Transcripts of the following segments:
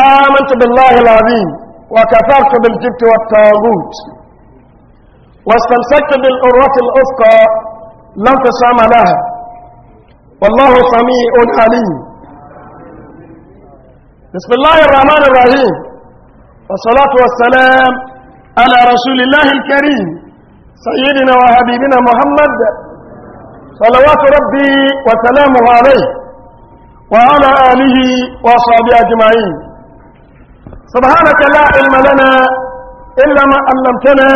آمنت بالله العظيم وكفرت بالجبت والطاغوت واستمسكت بالأروة الأفقى لا انفصام لها والله سميع عليم بسم الله الرحمن الرحيم والصلاة والسلام على رسول الله الكريم سيدنا وحبيبنا محمد صلوات ربي وسلامه عليه وعلى آله وصحبه أجمعين سبحانك لا علم لنا إلا ما علمتنا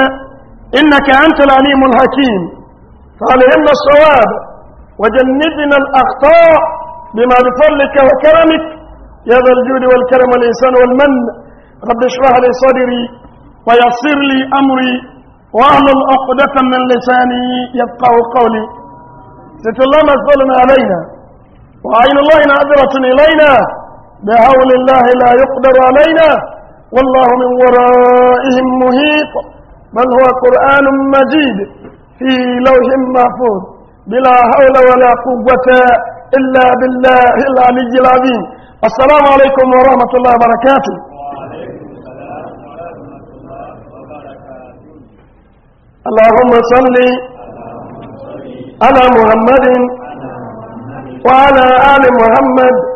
إنك أنت العليم الحكيم فعلينا الصواب وجنبنا الأخطاء بما بفضلك وكرمك يا ذا الجود والكرم والإنسان والمن رب اشرح لي صدري ويسر لي أمري واعمل عقدة من لساني يفقه قولي ست الله مسؤول علينا وعين الله ناظرة إلينا بهول الله لا يقدر علينا والله من ورائهم مهيط بل هو قرآن مجيد في لوح محفوظ بلا حول ولا قوة إلا بالله العلي العظيم السلام عليكم ورحمة الله وبركاته اللهم صل على محمد وعلى آل محمد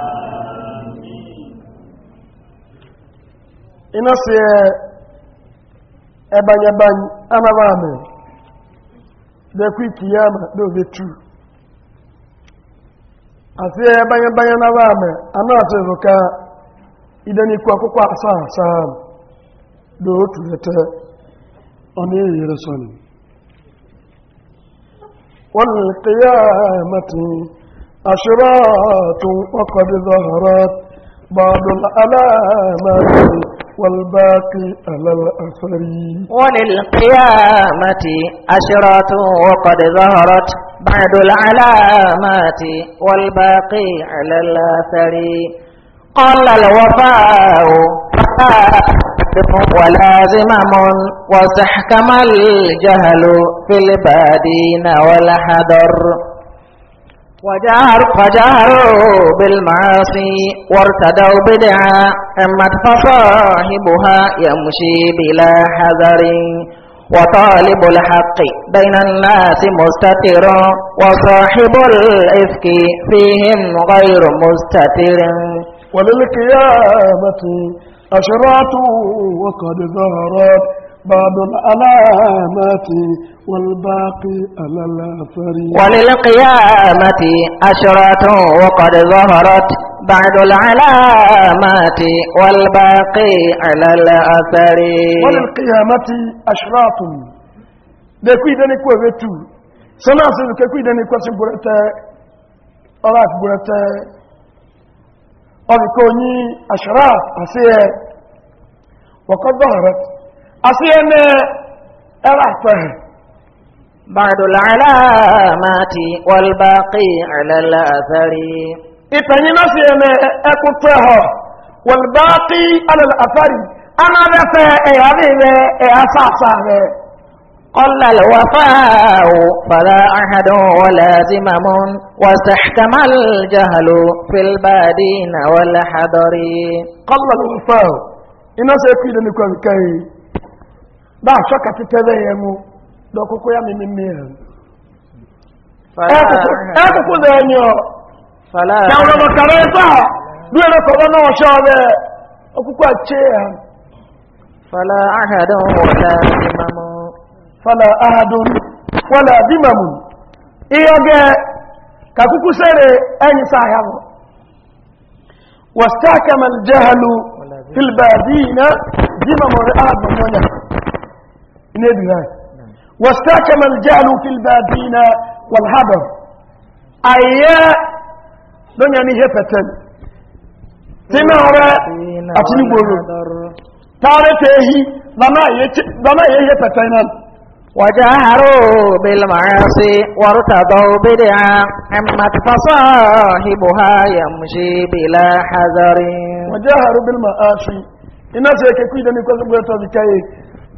Ịna si ihe ebanyabany anaghị ame dekwa ike ị ama na ogechụ a si ihe ebanyabany anaghị amị anọọsị dụka ịde na ịkụ ọkụkọ asaa asaa na otu ete onye eyiire sonyem. Wọn lụrụ eyi ahịa Amatem, asoro a tụrụ ọkọ dị dị ọhọrọ, ma ọ والباقي على الأثر وللقيامة أشرات وقد ظهرت بعد العلامات والباقي على الأثر قال الوفاء من وسحكم الجهل في البادين والحذر وجهر وجهروا بالمعاصي وارتدوا بدعا أمت فصاحبها يمشي بلا حذر وطالب الحق بين الناس مستتر وصاحب الإفك فيهم غير مستتر وللقيامة أشرات وقد ظهرت بعض العلامات والباقي على الأثر وللقيامة أشرات وقد ظهرت بعد العلامات والباقي على الأثر وللقيامة أشرات لكي دنك وفتو سنعصر كي دنك وسبرتا أراك برتا أركوني أشرات أسير وقد ظهرت أصيم رحمة بعد العلامات والباقي على الأثر إتني نصيم أكفه والباقي على الأثر أنا ذا أيامي أساسا قل الوفاء فلا أحد ولا زمم واستحكم الجهل في البادين والحضر قل الوفاء إنا سيكون لكم كي dáàṣọ́ kàtítẹ́rẹ́ ẹmú lọ́kókó yá mímí mìíràn ẹ́kùkú lẹ́ ẹni ọ̀ a. ọmọkàrẹ́ ẹgbà bí ẹ̀rọ kọ̀wọ́ náà Fala rẹ̀ ọkùkú àti ẹ̀ fàlà áhàdùn wọ́lá sere enyi kàkúkú sẹ́rẹ̀ ẹni sáyàwó wàstákàmàl jẹ́hàlù fìlbàdí náà na rẹ̀ áhàdùn mọ́nyà نبي هاي واستحكم الجهل في البادين والهبر أيا دنيا يعني نهفة تمارا أتنبولو تارته لما يهفة وجهروا بالمعاصي وارتضوا بدعا عمت فصاحبها يمشي بلا حذر وجهروا بالمعاصي الناس يكيكوا إذا نكوزوا بيتوا ذكايك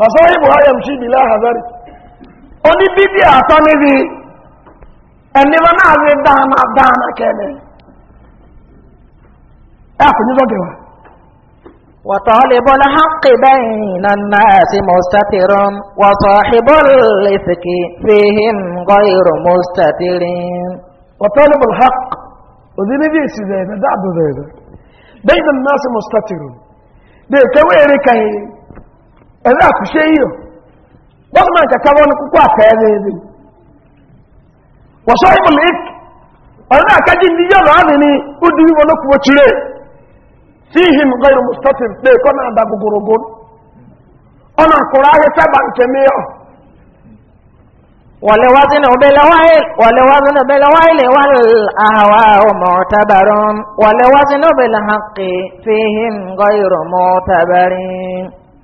fasahibu hayam shi bi la hazari oni bibi ato ni bi ẹni wọn náà rí dáná dáná kẹlẹ ẹ kò ní lọ́dẹ̀ wa. وطالب الحق بين الناس مستتر وصاحب الإفك فيهم غير مستتر وطالب الحق وذي نبي سيدي ده ده بين الناس مستتر ده كويري كهي ẹ̀rọ àkùṣe yìí bọ́sùn máa kẹ̀kẹ́ wọn kúkú àtẹ́ẹ̀rẹ́ ẹ̀rẹ́ wọ̀ṣọ́ ìmùlẹ̀k ọ̀rọ̀ àkájí ní yọ̀ náà ní ní udu ló kúwọ́ tiré sí ìhìn gọ́rù mustapin pé kọ́ náà gbogbogbò ọ̀nà àkùrọ̀ sábà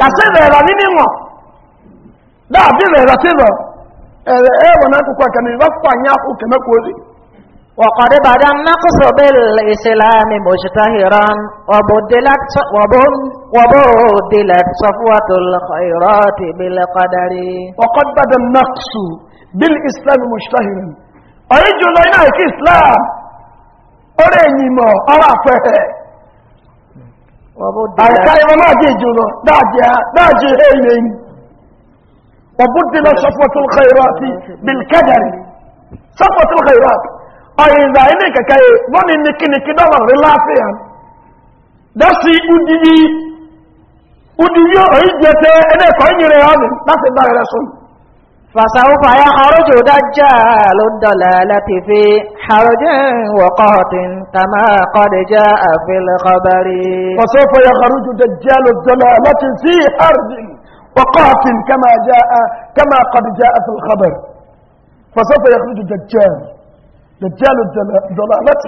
kàṣẹ ìrẹ̀rọ ní níwọ̀n dáàbí ìrẹ̀rọ sí rọ ẹ̀rẹ̀ ẹ̀wọ̀n náà kúkọ kẹmí wọ́n kọ àyà kú kẹmẹ́kù orí. وقد بدا النقص بالإسلام مشتهرا وبدلت وبدلت صفوة الخيرات بالقدر وقد بدا النقص بالإسلام مشتهرا أرجو لنا الإسلام أريني ما أرى فيه àìkáyọ̀ máa jẹ́ ìjọba dáàjẹ́ èèyàn yìí ọ̀bùdí lọ sọ́fọ́tún kẹrọ àti bilkẹ́dẹ̀rì sọ́fọ́tún kẹrọ àti ọ̀yìnzà ilé kẹkẹ́ wọ́n ni nìkìnìkì dọ́wọ̀ rí láàfíà dẹ́sí udidi udidi òyìnjẹ́tẹ́ ẹnẹ́kọ̀ọ́ ìyìnrẹ̀ ọ̀nì láti bá rẹ̀ sọ́nù فسوف يخرج دجال الدلالة في حرج وقهط كما قد جاء في الخبر فسوف يخرج دجال الدلالة في حرج وقهط كما جاء كما قد جاء في الخبر فسوف يخرج دجال دجال الدلالة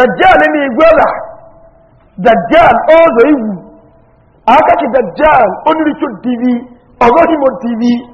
دجال يقول دجال أوزيو أكاك دجال أنريتو الديبي تي في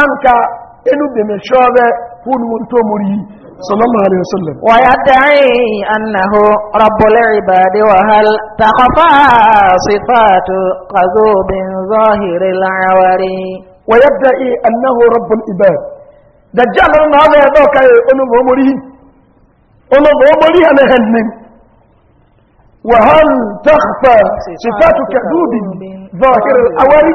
أنك إنو بمشابة كون وانتو مريه صلى الله عليه وسلم ويدعي أنه رب العباد وهل تخفى صفات قذوب ظاهر العواري ويدعي أنه رب العباد دجال لنا هذا يدوك أنو بمريه أنو بمريه لهنم وهل تخفى صفات كذوب ظاهر العواري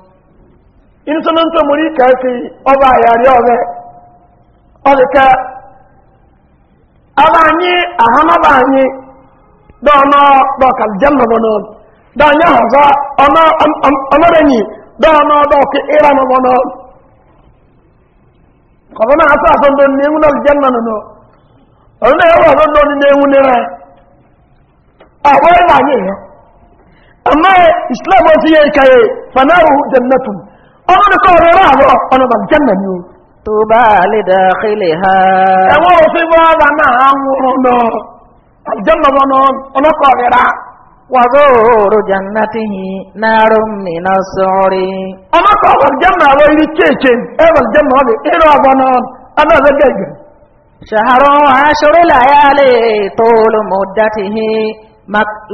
ìníṣọ́nà tó mú rí kẹ́ẹ̀kì ọba àyàrí ha ọ̀rẹ́kẹ́ ọba anyị ahamaba anyị dọ́ọ̀nà dọ́ọ̀kàlì jẹ́mọ̀bọ̀nà dọ́ọ̀nyẹ́ ọ̀zọ́ ọmọdéyì ha dọ́ọ̀kì ìrànàbọ̀nà kọ̀bọ̀nà àti àsọ̀ndọ̀ ní ewu náà na ọ̀rẹ́ ẹwọ́ ọ̀sọ̀ndọ̀ ní ewu nírẹ̀ ọ̀wọ́ ìwà anyị yẹn amma islam ó ti yẹ ìkàyè fanáwù jannatun ọmọ ní sọ ọ̀rọ̀ àwọ̀ ọ̀nà bàjẹ́mẹ̀ ni o. tó bá lè dá kílè ha. ẹ̀wọ́n òfin bọ́ ọba náà ń wọ́n lọ àjẹmọ̀ wọn ọlọ́kọ̀ rírà. wàgóòrò jannati yìí náírà mìíràn sọ̀rí. ọmọkọ̀ bàjẹ́mọ̀ àwọn irí kéèké ẹ bàjẹ́mọ̀ ọ̀lẹ̀ ìrọ̀ ọ̀bọ̀ náà ọlọ́ọ̀dẹ́gẹ̀ ìgbẹ̀. ṣàhárọ̀ aṣọ́rẹ́ làyálẹ̀ tó lọ́mọdátì yìí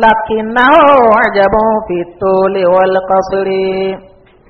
lákìnnáhó àjẹmọ́ fi tó lè wọlé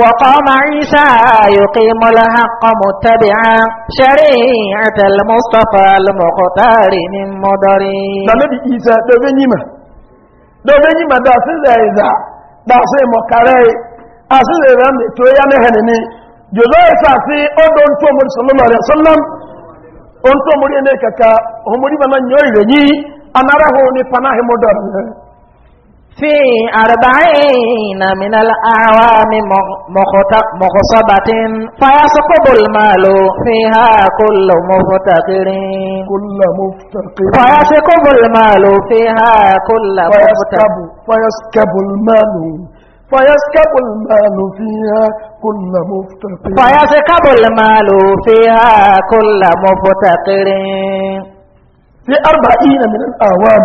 وقام عيسى يقيم الحق متبعا شريعة المصطفى المختار من مدري النبي عيسى دوبنيما دوبنيما دا سيزا إذا دا سيما كاري أسيزا إذا تويا نهنني جزاء ساسي أدو أنتو مري صلى الله عليه وسلم أنتو مري نيكا هم مري بنا نيوي غني أنا رهو نفناه مدري في أربعين من الأعوام مخصبة فيسقط المال فيها كل مفتقر كل مفتقر فيسقط المال فيها كل مفتقر فيسكب المال فيسكب المال فيها كل مفتقر فيسكب المال فيها كل مفتقر في أربعين من الأعوام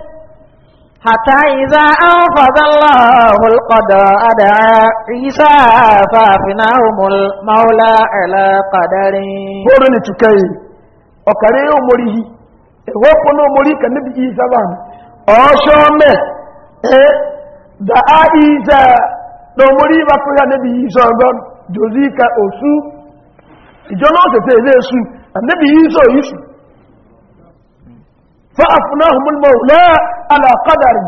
حتى إذا أنفذ الله القضاء دعا عيسى فافناهم المولى على قدر هو ni tukai ọ̀kàrẹ́ omorihi ẹ̀wọ́ pọ̀nà omori kan níbi isa bá mi ọ̀ṣọ́ e, mẹ́ ẹ́ da á isa na omori bá tó yà níbi isa ọgbọ́ jòzí ka òsú ìjọ náà tẹ̀tẹ̀ ilé èsù níbi isa òyísù fáàfúnáhùn mọ́lá ala kadari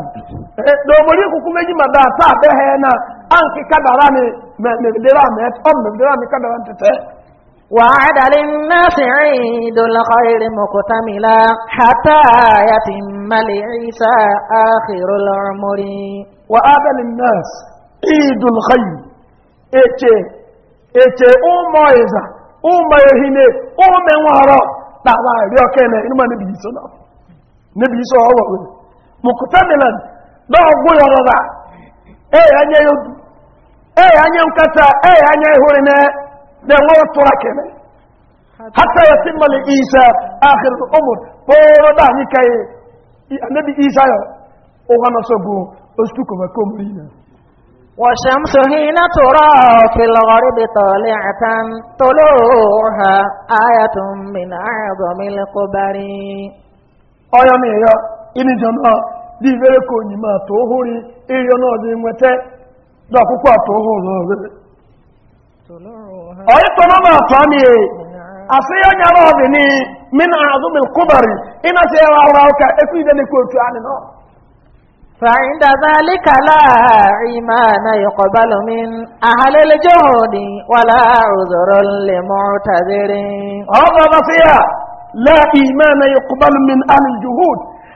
eh, domori ku kuma yi mada ta be hena an ki kadara ne me dira me on me dira me kadara tete وعد للناس عيد الخير مكتملا حتى يتم لعيسى آخر العمر للناس عيد الخير لا لا نبي نبي mukutamilan dɔgɔ yɔrɔ la e y'a ɲɛ yodu y'a anya nkata e y'a ɲɛ na bɛn wɔɔrɔ tora kɛmɛ hata ya isa akhir umur bɔɔrɔ da anyị ka ye isa yɔ o kana so gun o su kɔmɛ ko والشمس حين ترى في الغرب طالعة طلوعها آية من أعظم القبر جماعة dị ibere ka onyima atọ ohuri ịrịọ n'ọdị nweta na akwụkwọ atọ ohuru e. ọrịrị ọyị tọrọ na atọ amị asị ya nyara ọdị ni mina azụ mil kubari ina sị ya ahụrụ ahụ ka ekwu ide n'ekwu otu anyị nọ فعند ذلك لا إيمان يقبل من أهل الجهود ولا عذر لمعتذر هذا نصيحة لا إيمان يقبل من أهل الجهود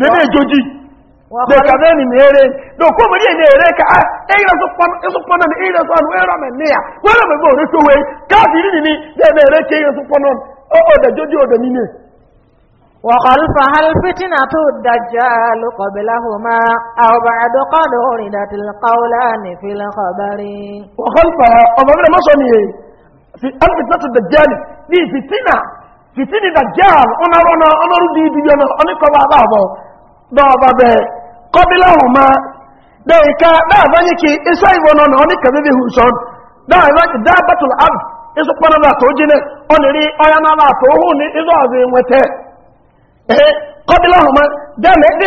nínú ìjọjí lẹ́kàbẹ́ni mẹ́rẹ́ lókó mẹ́rí ẹ̀yẹ ẹ̀rẹ́ ká ẹ̀yẹ sọpọ́nà ní ẹ̀yẹ sọpọ́nà ní ẹ̀rọ mẹ́níà wọ́n lọ mẹ́gbẹ́ òrẹ́ tó wé káàkiri nìní lẹ́ẹ̀mẹ́ ẹ̀rẹ́ kí ẹ̀yẹ sọpọ́nà ọ̀dẹ̀ jọjí ọ̀dẹ̀ nínú وخلف هل فتنة الدجال قبلهما أو بعد قد وردت القولان في الخبر وخلفها أمامنا ما صنعي في هل فتنة الدجال دي فتنة فتنة الدجال أنا رنا dọ̀ọ̀bàbẹ̀ kọbíláhùmá dáìka dáàbáyé kí iṣẹ́ ike náà ní kàbíbí hùsọ́n dáàbàtùl ab iṣu pánàlá tó jí náà ọ̀nìrí ọ̀yánàlá tó hù ní iṣu ọ̀zọ̀ ìwẹ̀tẹ́ ee kọbíláhùmá dáàmẹ́ ní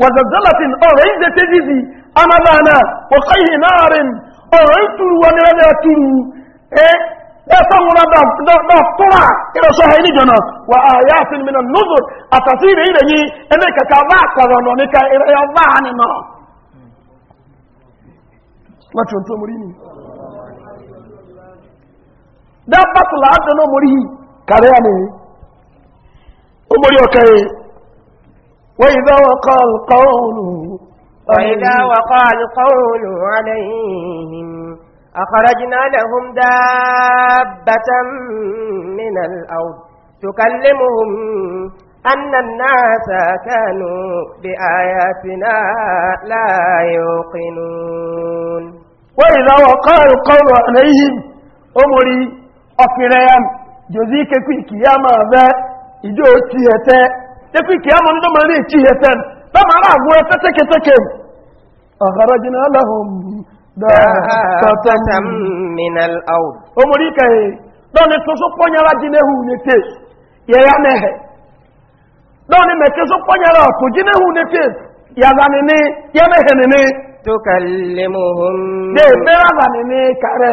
Waze zọlọsịn ọrịa izecha ezizi anabana ọsọ ihe na-arịn ọrịa eitulu ọnịrịa na-atulu ee ebe esoghị nwụrọ dọ dọ dọtụrọ ịrịa ọsọ ha ni jọ na wa a asịrị na nudhuru atasịrị irere nyi enwere ike ke abụ akwara ọnọ n'ike ịrịa ya ọvan nọ. N'ọtụ ntụ omuli nị. N'ọtụ ntụ omuli nị. De abba Fulawa dị n'omuli hi karịa nị. Omuli وإذا وقع القول وإذا وقع القول عليهم أخرجنا لهم دابة من الأرض تكلمهم أن الناس كانوا بآياتنا لا يوقنون وإذا وقع القول عليهم أمري أفريم جزيك في كيام هذا إجوتي هتاء tafi kiyama ni dama ne ci heten dama ra go ta take take akhrajna lahum daqatan min al-ard don to so ponya ra jine hu ne don me ke so ponya ra to jine hu ne te ya ga ne ne kare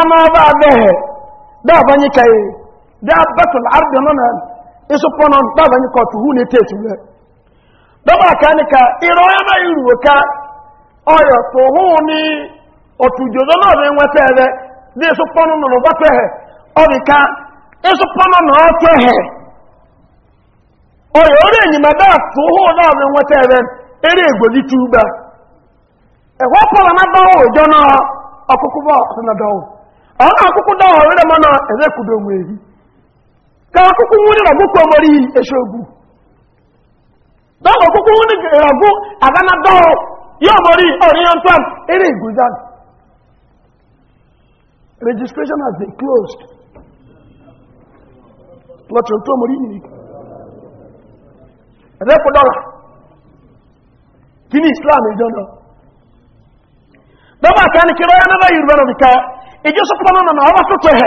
dama ba bɛɛ daa ba nyi ka daa batul ardi nana isu pɔnɔ daa ba nyi ka hu ka ni ka na iru ka ɔyɔ tu hu ni otu jodo na ɔbɛ nwa tɛ bɛ de isu pɔnɔ ba ɔbi ka isu pɔnɔ na ɔyɔ enyima daa hu na ɔbɛ egoli tuba ɛhɔ pɔnɔ na ba ọ̀nà àkókò dáwọ̀ rẹ̀ mọ́nà na mú èyí ká àkókò wọ́n ní ràgbókò mọ́rí eṣogun dáwọ̀ àkókò wọ́n ní ràgbó àdánadáwọ̀ yóò mọ́rí oriental eré ìgbòzán registration has been closed lọ́tọ̀ tó mọ́rí yìí ẹ̀rẹ́kùdọ́là islam ìjọ ìjọ sọpọnà nà ọba sọtọ ẹ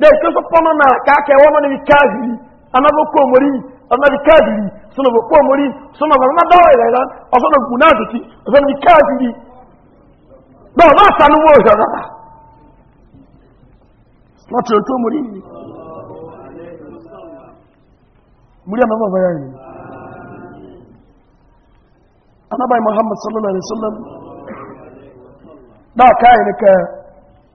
dẹ na sọpọnà nà na wọn mọdé bi káàdì anabokó omori anabi káàdì sọlọbokó omori sọlọbọ ọmọdáwọ na ọsọlọ gùnà àdùtì ọsọlọ bi káàdì bẹẹ ọba àtàlùwọ omori anabai muhammad sallallahu alaihi da ka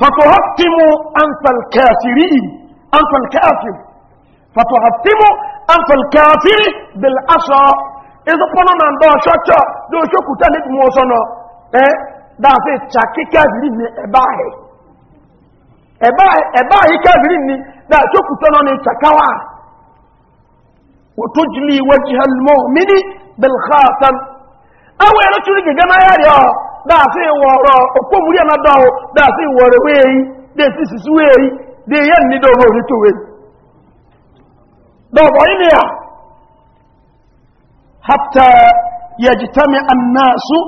فتهتم أنف الكافرين أنف الكافر فتهتم أنف الكافر بالعصا إذا كنا من دون شاشة دون شو كتلك موسنا إيه دا في تشاكي كافرين إباهي إباهي إباهي كافرين دا شو كتلك من تشاكاوا وتجلي وجه المؤمن بالخاتم awo ẹ̀rọ tí ó lè gẹ̀gẹ́ náà yàrí ọ dáàfí ìwọ̀ ọ̀rọ̀ òkú òmúrí ẹ̀nà dáwọ dáàfí ìwọ̀ rẹ̀ wé èyí dé sí sísú wé èyí dé yẹ́ nídọ̀ ọ̀rọ̀ orí tó wé dọ̀bọ̀ ilé à hapta yajitami annasu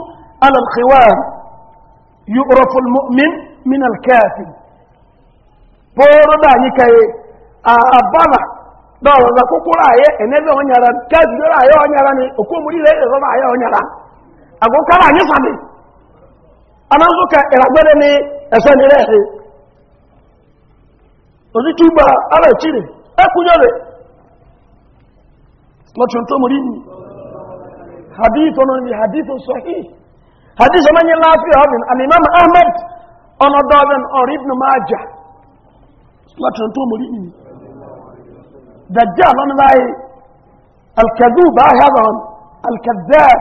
alalkhiwar yu'raful mu'min min alkafir bọ́ọ̀rọ̀ dáa yí kaye àbára dọ̀rọ̀ zakókó ráyẹ ẹ̀nẹ́gbẹ̀ ọ̀nyára káàkiri ráyẹ ọ̀nyára ni òkú òmúrí rẹ̀ ẹ̀rọ ráyẹ ọ̀nyára àgùnkárà yí fàdé anáṣókè ìràgbẹ́rẹ́ ní ẹ̀ṣẹ́ nílẹ̀ ẹ̀ṣẹ́ òsìtúgbà ara ìtìrì ẹkùnyẹ́ rẹ̀ lọ́tún tó múrí nri. hadith ọ̀nà ní hadith sọ́hí hadith ọmọ yẹn láàfíà ọ̀bìn alimam ahmed ọ̀nà dọ́ọ̀bìn ọ̀rọ̀ ibn maja lọ́tún tó nri. ní dajjal ọ̀nà láyé alkazú bá hẹ́rọ̀ alkazab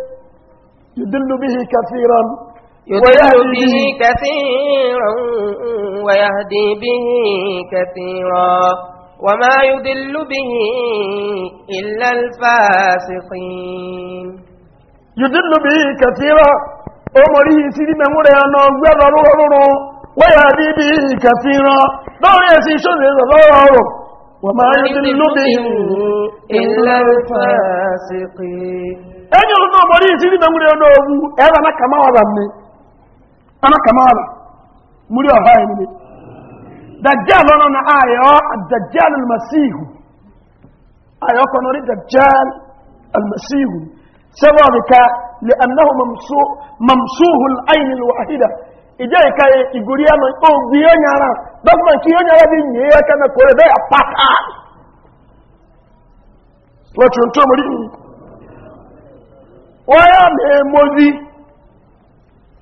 يدل به كثيرا يدل به كثيرا ويهدي به كثيرا وما يدل به إلا الفاسقين يدل به كثيرا أمره سيدنا مريانا ويضرره ويهدي به كثيرا دور يسي شذي وما يدل به إلا الفاسقين enyi ọzọ náà mọ̀rí ìsí nígbà múrí ọ̀nà ọ̀wú ẹ̀rọ anákàmáwàrà mi anákàmáwàrà múrí ọ̀há ẹni ni dajjal ọ̀nà na ayọ́ dajjal almasihu ayọ́ kọ̀ nọrí dajjal almasihu sẹ́wọ́ ọ̀dìka lè anáhù mamsuhu al'ayin alwahida ìjẹ́ ìka ìgúrí ẹmọ ògbì yọnyara dọ́gbọ̀n kí yọnyara bí nyẹ́ ẹ̀kẹ́ mẹ́kọ̀ọ́ rẹ̀ bẹ́ẹ̀ pátá lọ́tún tó mọ̀rí wọ́yá mẹ́mọ́dí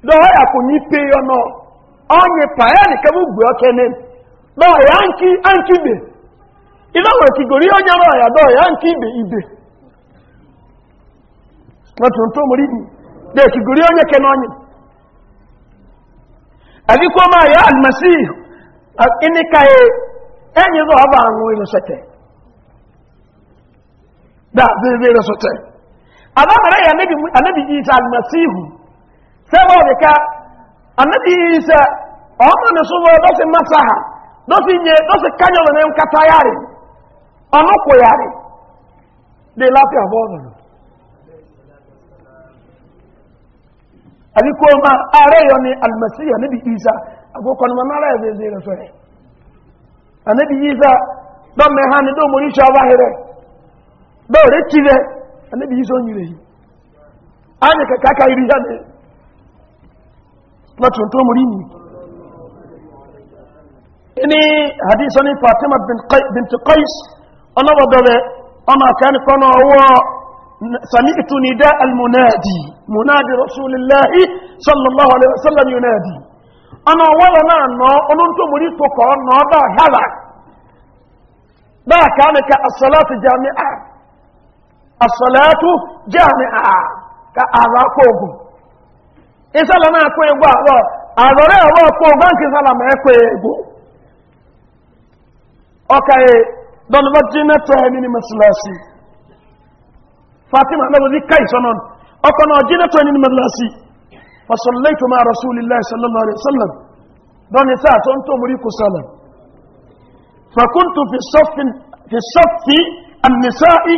lọ́ọ̀yà kò ní pé ọ̀nà ọ̀nyẹ pàyà nìkan mú gbé ọkẹ ní lọ́ọ̀yà ń kí ń nwere ibè ìlọ́wọ̀ ìkìgòrí ọ̀nyà ya lọ́ọ̀yà ń kí ibè ibè wọ́n tún tó mórí ní lè ìkìgòrí ọ̀nyẹ kẹ náà nyẹ. àbíkó máa abamara ya anabi anabi isa almasihu sai ba da ka anabi isa ọmọ ne so wọ dọsi masaha dọsi nye dọsi kanyọ na nkata yare ọmọ kọ yare de lafi abọ ọdọ àbíkó ma ààrẹ yọ ni almasihu anabi isa àkókò ni mamara ya zai zai rasu rẹ anabi isa dọmẹ ha ni dọmọ oníṣẹ ọba hẹrẹ dọrẹ tirẹ annabi yi son yire yi anya ka kaka iri ya ne na tuntun muri ni ini hadisa ni fatima binti qais ana wadare ana kan kana wa سمعت نداء المنادي منادي رسول الله صلى الله عليه وسلم ينادي انا ولا انا انتم مريتك انا دا هلا دا كانك الصلاه جامعه الصلاة جامعة كأذا كوغو إنسان لما أكو يقول الله أذا أبو كوغو أنك إنسان لما أكو يقول أوكي دون بجينا تهمين مسلاسي فاطمة أنا بذي كي سنون أكونا جينا تهمين مسلاسي فصليت مع رسول الله صلى الله عليه وسلم دون إساءة أنتم فكنت في الصف في الصف النسائي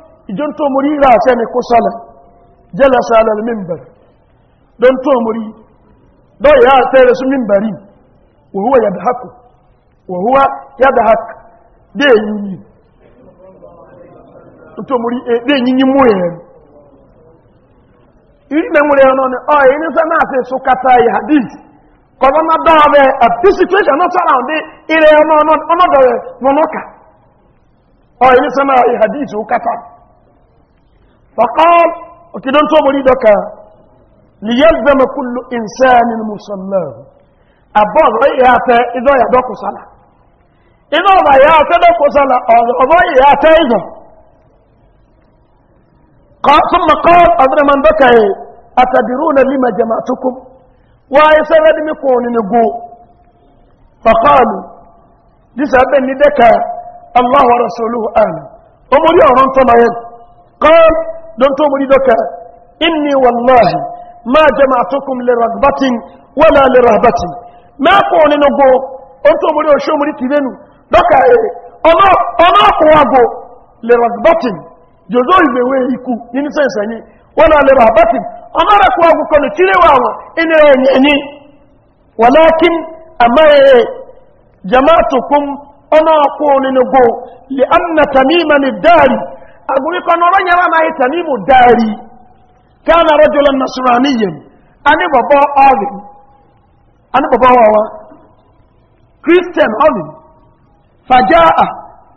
ijon to muri ra ce ne kusala jalasa alal minbar don to ya tsere su minbari wa huwa yadhaku wa huwa yadhak de yinyi to muri e eh, de yinyi iri na nwere o oh, kata ya hadith kọlọ́nà dáàbẹ̀ àti situation náà ọ̀ ìhàdí فقال وكدن تو مري دوكا ليلزم كل انسان مصلاه ابو ري يا تا اذا يا دوكو صلاه اذا ما يا تا دوكو صلاه او يا تا اذا قال ثم قال ادرى من دوكا اتدرون لما جمعتكم ويسرد مكون نغو فقالوا لسبب ندك الله ورسوله اعلم ومري اورن تمايل قال don to muri doka inni wallahi ma jama'atukum li ragbatin wala li rahbatin ma ko ni no go on to muri o sho muri tibenu doka e eh, ona ona ko wago li ragbatin jozo ibewe iku ni sense wala li rahbatin ona ra ko wago ko ni tire wawo ene enyi walakin amma e eh, jama'atukum ona ko ni no li anna tamiman ad-dari aguri kono ro nyara na itanimu dari kana rajulan nasraniyan ani baba ali ani baba wawa christian ali fajaa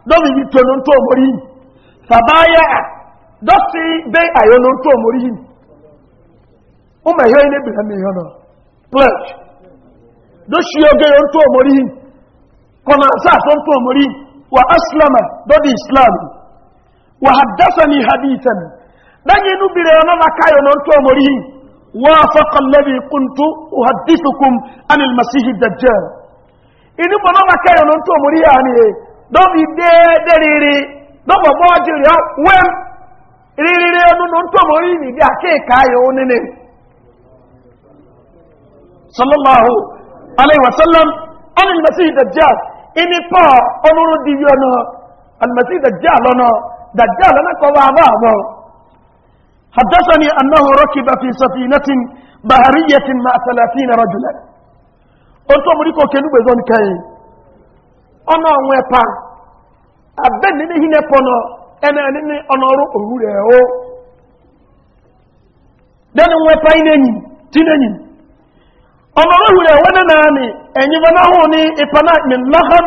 do mi tonon to mori fabaya do si to mori o ma yo ine ya mi yo no pledge do si oge yon to وحدثني حديثا دني نبري أنا نكاي ننتو مريه وافق الذي كنت أحدثكم عن المسيح الدجال إن بنا نكاي ننتو مريه يعني دم يدي دريري دم بواجر يا وين ririre ọdún ló ń tó mọ̀ yìí nìdí àkéèkà ayò onínì sallallahu alaihi wasallam alìmọ̀sí ìdàjá ìní دجال نقض عذابه حدثني أنه ركب في سفينة بحرية مع ثلاثين رجلا أنت أمريكا كنو بذون كاي أنا ويبا أبن ني هنا بنا أنا ني أنا رو أولي أو دان ويبا ينني تنني أنا رو أولي أو أنا ناني أني فنا هوني إفنا من لحم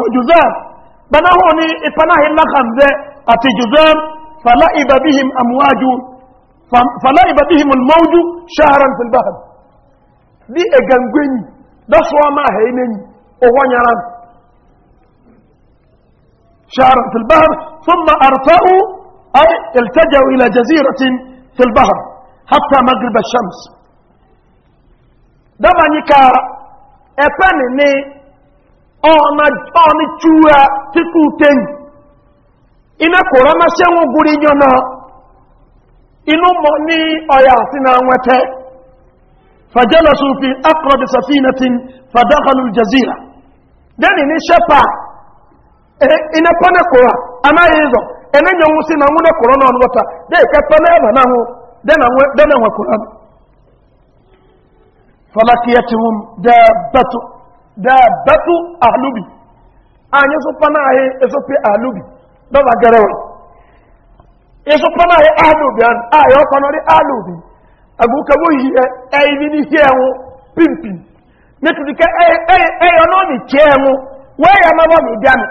وجزار بناه ني اتناه الله خمزة أتي جزام فلعب بهم أمواج فلعب بهم الموج شهرا في البحر دي اغنغني ده سوى ما هينني وغنيران شهرا في البحر ثم أرتأوا أي التجوا إلى جزيرة في البحر حتى مغرب الشمس ده ما نكا اتنني ọ̀nà ọ̀nà chúwà tí kú tẹ́m iná kò rọ́mọ́ sẹ́wọ̀n gúrí yọ́nà inú mọ̀ ní àti na wẹ́tẹ́ fàjẹ́lọ̀ sófin akọ̀dì sàfínàtín fàdákọlù jazira dẹ́ni ní sẹ́pà iná pọ́nẹ̀ kò rà anaghị ịzọ na dàbẹ́tù àlùbì àyè sọ panáyé èso pé àlùbì dọ́là gẹrẹ wọn èso panáyé àlùbì àyè ọkọ̀ náà rí àlùbì àgùkẹ́wò yìí ẹ̀yìn ní ní ẹ̀wọ̀n pínpín nítorí kẹ́ ẹ̀yọ̀ náà ní kí ẹ̀wọ̀n wẹ́yà máa wọ́n mi dánù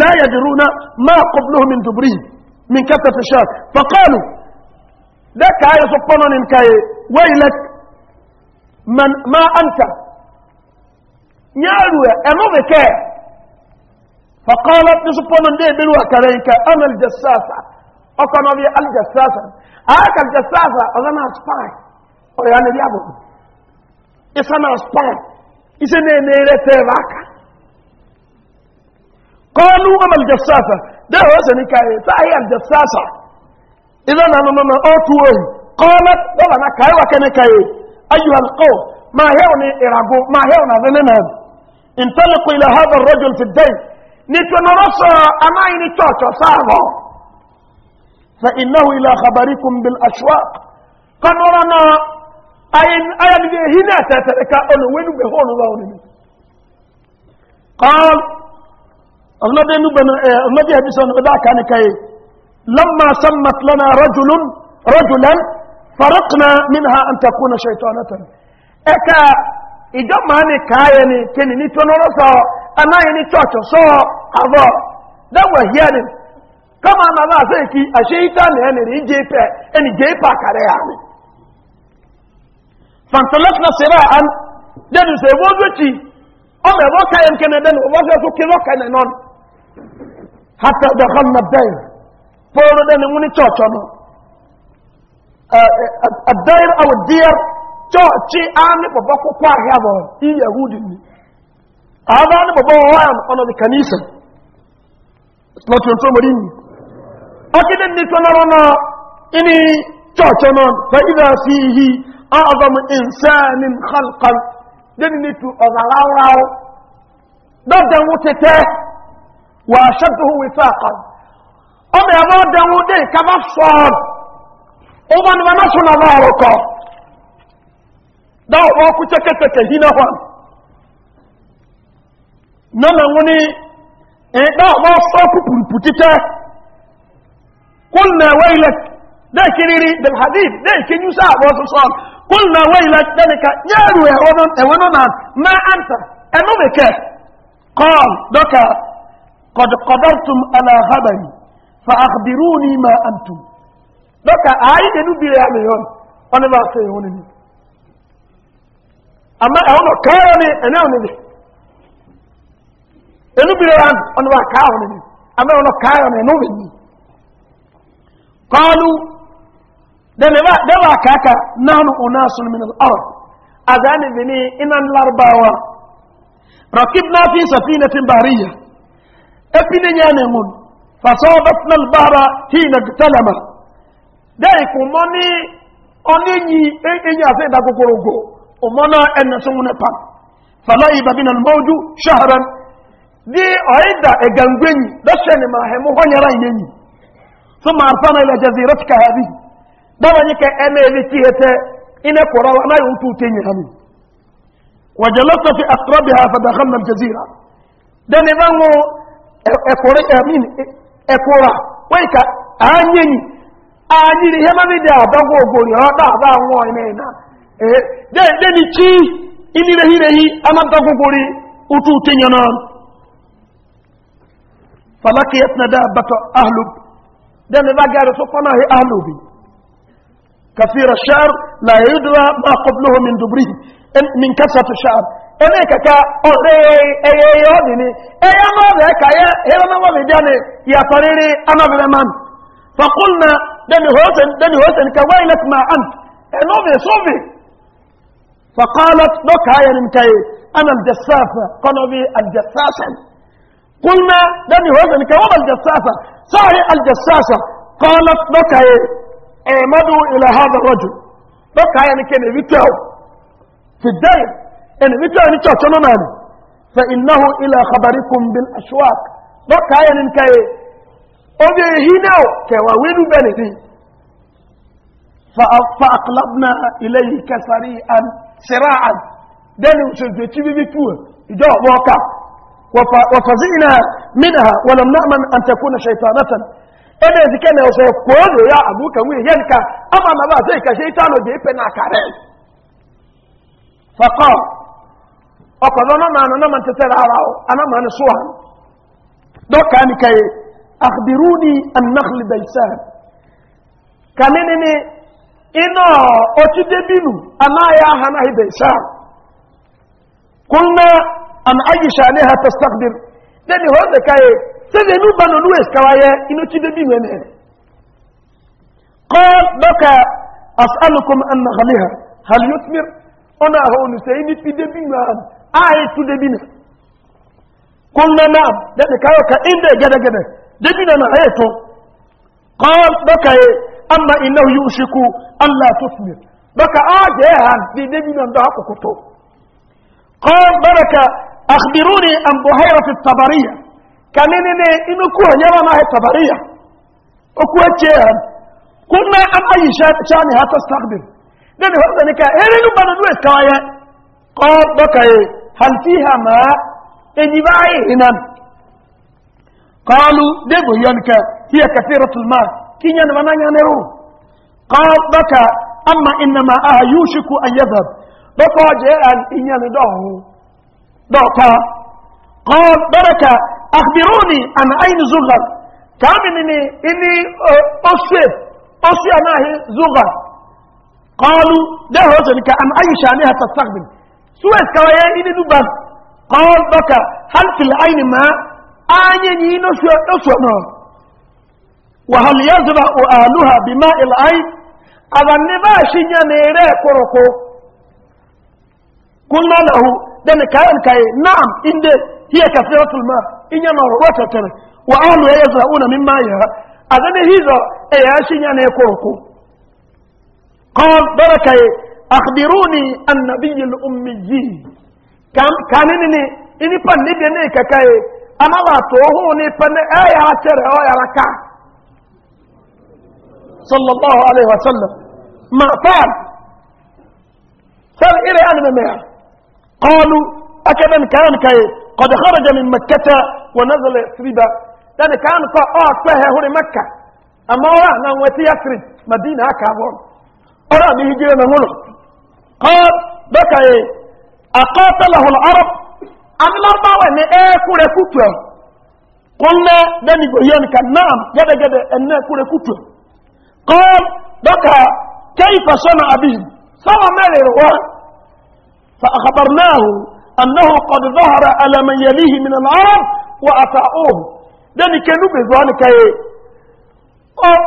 لا يدرون ما قبله من دبره من كثرة فقالوا لك يا سبحان كاي ويلك من ما أنت نعلو انا بك فقالت سبحان دي بلوى كريك أنا الجساسة أكنا بي الجساسة أك الجساسة أنا سباي يا نبي أبو ما سباي إسانا نيري تيباك قالوا ام الجساسة ده هو سنكاي فهي الجساسة إذا أنا أنا أوتوه قالت ولا أنا كاي وكان كاي أيها القوم ما هيوني إرابو ما هيونا ذننا انطلقوا إلى هذا الرجل في الدين نتنرصى أما إن توتو صعبه فإنه إلى خبركم بالأشواق قنورنا أين أين هنا تتركا أولو وين بهون ذوني قال الله أنه بنا الله أغلب يهبسون بدا كان كاي لما سمت لنا رجل رجلا فرقنا منها أن تكون شيطانة أكا إجمع أني كايني كني نتونو رسا أنا يني تشوشو سو أضا دوا هياني كما أنا لا سيكي الشيطان يعني ريجيبا أني جيبا كرياني يعني. فانطلقنا سراعا دنو سيبوزوتي أما بوكا يمكن دنو بوكا سوكي بوكا حتى دخلنا الدير fọ́ọ̀rọ̀ dẹ́ni mú ní chọ́ọ̀chọ́ nù àdáyẹ̀rẹ̀ àwòdíyẹ̀ chọ́ọ̀chí á ní bọ̀bọ̀ kókó àhẹ́ àbọ̀ ìyẹ̀húdì ni àbá ní bọ̀bọ̀ wọ́n ọ̀nà di kanisa lọ́tún tó mọ̀rí ni ọkídé ní tọ́nàrọ̀ náà inú chọ́ọ̀chọ́ náà fẹ́ ìdá sí ihi ọ̀dọ̀m insanin khalqan dẹ́ni ní tu ọ̀zàláwọ́ dọ́dẹ̀ wọ́n tẹ́tẹ́ wà ṣẹ́dùn wífẹ́ àkàlù ọmọ ẹ̀rọ ọdẹ̀wọ̀n dẹ̀ kaba sọ́ọ̀d ọmọ ni wọn náà náà lọ́rọ̀ kọ́ dáwọ̀ wọn kú tẹ́kẹ́tẹ́kẹ́ yìí náà wọn nọ́nà wọn ni dáwọ̀ wọn sọ púpùrùpù títẹ́ kúnnà kiriri bilhadid dẹ́ kinyu sáà wọ́n sọ sọ́ọ̀d kúnnà wẹ́ilẹ̀ dẹ́nìkà yẹ́rù ẹ̀wọ̀n náà máa àǹtà ẹ̀nú mi kẹ́ fa akhbiruni ma antum doka ayi de nubi ya me yon oni ba se yon ni amma e ono kayo ni ene oni ni enu bi ya oni ba kayo ni amma ono kayo ni no bi ni qalu de me ba de ba kaka nanu unasun min al-ard adani bini inan larbawa rakibna fi safinatin bahriya epine nyane ngun فصابتنا البحر حين اجتلم ذلك مني أني إني أزيد أقوكوروكو ومنا أن سمونا بان فلايب بنا الموج شهرا دي أعيدا إغنغيني دشاني ما هم هنيرا يني ثم أرسلنا إلى جزيرتك هذه بابنك أمي لتيهتا إن قرى وما يوتو تيني همي وجلست في أقربها فدخلنا الجزيرة دني بانو أقرأ أمين ẹ̀kúra wọ́n ìkà àányẹ́yìn àányìrì hẹ́mọ́mídẹ̀ àbágbó ògbòrì ọ̀dá àbá àwọn ẹ̀mẹ́ ìná lẹ́ni tí inírehírehí amágbágbógbórí útú tíyaná falaki ẹ̀tìnàdá àbátọ̀ ahlùb dẹ́ni bá gẹ́rẹ́ tó fọ́nà hẹ́ ahlùbì kàfíra ṣáàr láyé yóò dúró bá kọ́blóhùn min dùbrí min kásàtù ṣáàr ene kaka ọ̀rẹ́ ọ̀dì ni ẹyẹ mọ́ọ̀lẹ̀ ẹ̀ka yẹ ẹ̀rọmọ́wọ́lẹ̀ jẹ́ ni yàtọ̀ rírí anábìrẹ̀ man fàkúnnà dẹni hóṣẹ̀n kẹwẹ́ ilẹ̀ kùmà àn ẹ̀nà ọ̀bẹ̀ sọ́bì fàkálọ̀ lọ́kà ayẹ ni kẹyẹ ana aljassafa kọ́nọ́bí aljassafan kúnnà dẹni hóṣẹ̀n kẹwẹ́ aljassafan sáré aljassasa kọ́nọ́ lọ́kà ayẹ ẹ̀mọ́dún ilẹ̀ hàbà rọ́jù lọ́kà ayẹ ni kẹ́ ان بيتاني تشوتو ناني فانه الى خبركم بالاشواق دوكا ين كاي اوبي هينو كوا وينو بني فاقلبنا اليك سريعا سراعا دني وسجتي بي تو اجو بوكا وفزعنا منها ولم نأمن أن تكون شيطانة أنا إذا كان يقول يا أبوك وين ينكا أما ما ذلك شيطان جيبنا كارين فقال ọkọ̀dọ̀ náà máa náà máa tẹ́tẹ́rẹ ara ọ anáma ní ṣúwà dọ́kà ní kẹyẹ àkbìrú ní annáhùlìdà ìsáà ka nínú ní iná ọtí débìnù anáyà hanáhìdà ìsáà kúnná an ayyíṣà ní ha tàstàkbìr lẹ́ni wọ́n dẹ̀ kẹyẹ sẹ́lẹ̀ inú bá nínú ẹ̀skáwáyẹ inú tí débìnù ẹ̀nẹ̀ kọ́ dọ́kà as'alukum annahaliha hal yutmir ọ̀nà àwọn olùsẹ̀yìn ní tí débìnù àná ayi su da bina na na da ta kayo ka inda gada gada da bina na ayi to qal baka yi amma innahu yushiku allah tusmir baka aje han di da bina ha haku to qal baraka akhbiruni an buhayra fi tabariya kanene ne inu ku hanyara na tabariya o ku ce han kunna am ayi shani hatta staqbil dan hada ne ka erinu bana duwe kawaya qal قال yi هل فيها ماء إنباعي هنا قالوا دبو ينك هي كثيرة الماء كين ينبنا ينرو قال بك أما إنما آه يوشك أن يذهب بقى جاء إن يندعه دعطا قال برك أخبروني أن أين زغل كامنني إني أصف آه، أصف أنا زغل قالوا ده هو أن أي شانها تستخدم suwes kawa ya ni du bas qol baka hal aini ayn ma anye ni no so no so no wa hal yazra aluha bima al ayn adanne ba shinya ne re koroko kulna lahu dan kayan kai na'am inde hiya kasratul ma inya no wata tare wa alu yazrauna mimma ya adanne hizo e ya shinya ne koroko qol baraka أخبروني النبي الأمي كم كان إني إني بن إني ككاي أنا واتوه إني بن أي عشر أي ركع صلى الله عليه وسلم ما فعل فعل إلي أنا ما قالوا أكذا كان كاي قد خرج من مكة ونزل يثرب لأن يعني كان فيها هنا مكة أما أنا وتي يثرب مدينة كابون أرى به جيرنا هنا قال بكى ايه اقاتله العرب ام الاربع وين أكل إيه كوري قلنا دني بيان كان نعم جدا جدا ان أكل كتوى قال بكى كيف صنع به صنع مالي روان فاخبرناه انه قد ظهر على من يليه من العرب واطاعوه دني كانوا بذلك ايه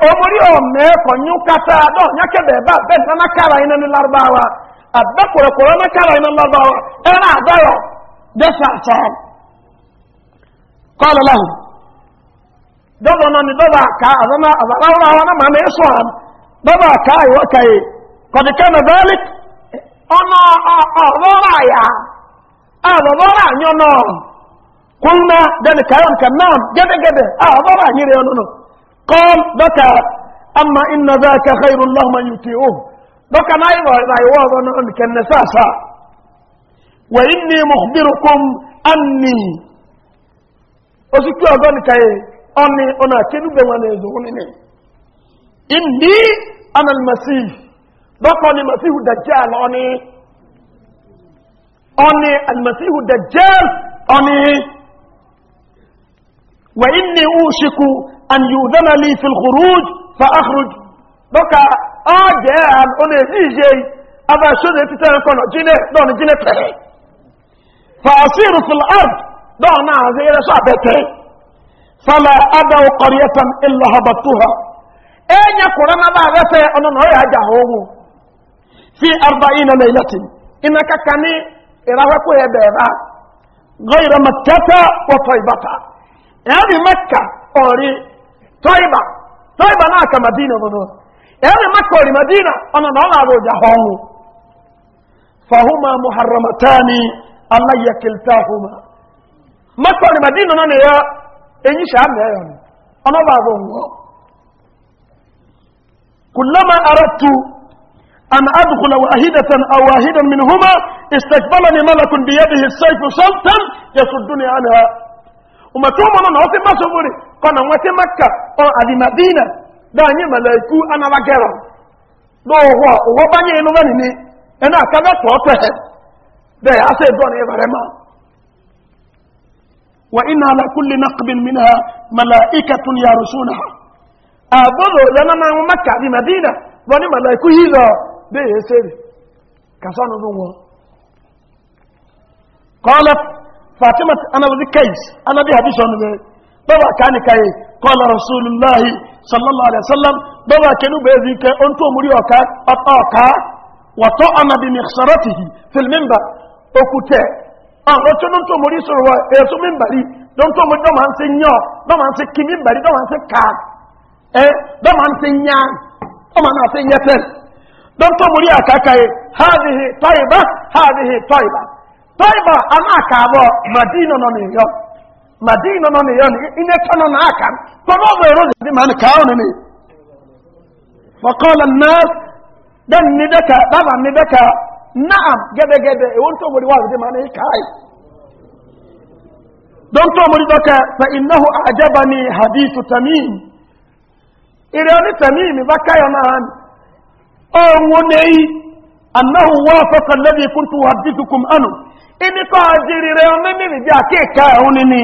omori ome konyukata do nyake beba باب nakara ina ni larbawa abakura kura na kala ina labawa era adawa desa asan qala lahu daba na ni daba ka azama azara wana mama yeso am daba ka yi wa kai qad kana dhalik ana awara ya awara nyono kunna dan kayon kanam gede gede awara nyire ono qal daka amma inna dhaka khairul lahum yutiuhu دوكا ما يبغى يوضع أنك النساسة وإني مخبركم أني أظن كي أني أنا كنو بمن يزونني إني أنا المسيح دوكا المسيح مسيح دجال أني أني المسيح دجال أني وإني أوشك أن يؤذن لي في الخروج فأخرج دوكا ọjẹ́ ọ̀nà èsì ìṣe abẹ́ṣọ́nà títẹ́ ẹ̀kọ́nà dọ́ọ̀nà jílẹ̀ pẹ̀rẹ̀ fàásìrù fìlárd dọ́ọ̀nà àti ẹ̀rẹ́sọ́ àbẹ̀tẹ̀ fàlà adáwò kọ̀ríẹ́tàn ilẹ̀ ọ̀bàtúhà ẹ̀yẹ kùrọ̀ náà bá rẹ́fẹ́ na ọ̀rẹ́ àjà ọ̀hún fi arba iná lè yàtì iná kaka ní يعني مكة والمدينة أنا نعلم أبو جهوم فهما محرمتان الله يكلتاهما مكة والمدينة أنا يا إني شام يا يوم أنا بعضهم كلما أردت أن أدخل واحدة أو واحدا منهما استقبلني ملك بيده السيف صوتا يصدني عنها وما تومنا نعطي ما سبوري قلنا نعطي مكة أو المدينة مدينة danye malaiku anabagero do ho ho banye no bani ni ena akaga to to he de ase do ne barema wa inna ala kulli naqbin minha malaikatun yarusunaha abodo yana na makka di madina bani malaiku hizo de yesere kasano do wo قالت فاطمة أنا وذي كيس أنا بها بيشون بي بابا كاني كيس kọ́lá rasulullahi sallallahu alaihi wasallam bọ́bá kẹnu bẹ̀rẹ̀ zike ohun tó múrí ọ̀ká ọ̀tá ọ̀ká wàtọ́ ọmọdé ní ṣarọ́tìhì fìlmímbà okùtẹ̀ ọ̀rọ̀ tó ń tó múrí sọ̀rọ̀ wọ èso mímbàrí tó ń tó múrí dọ́mà ń se yàn dọ́mà ń màdínà nọ nìyọ́ madina no ne yoni ine tono na aka to no be ro e di man ka ono ni wa qala an-nas dan ni daka baba ni daka na'am gede gede e won to mori wa di man kai don to mori daka fa innahu a'jabani hadithu tamim ire oni tamim ba kai ona han o wonei annahu wafaqa alladhi kuntu uhaddithukum anhu ini ko ire oni ni bi ake ka oni ni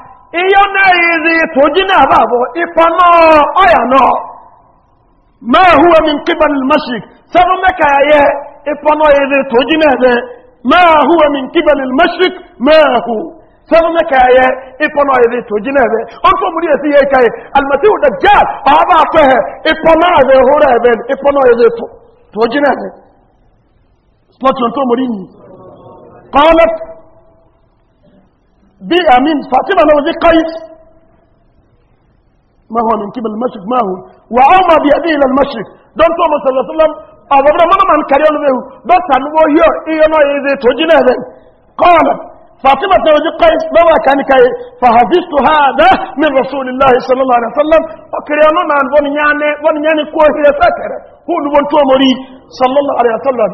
إيانا إذي توجنا بابو إبانا أيانا ما هو من قبل المشرق سرمك يا إبانا إذي توجنا ما هو من قبل المشرق ما هو سرمك يا إبانا إذي توجنا ذي أنتو مريد في أيكا المسيح دجال بابا فيه إبانا ذي هو رأيبين إبانا إذي توجنا ذي سلطة أنتو مريد قالت دي امين فاطمه لو دي قيس ما هو من قبل المشرق ما هو وعوما بيده الى المشرق دون توما صلى الله عليه وسلم او ابن من من كريون به بس ان هو هي ايه ما يزي توجينا هذا قال فاطمة زوج قيس بابا كان كاي فحفظت هذا من رسول الله صلى الله عليه وسلم وكريانو نان بون ياني بون ياني كو هي سكر هو بون يعني- يعني تومري صلى الله عليه وسلم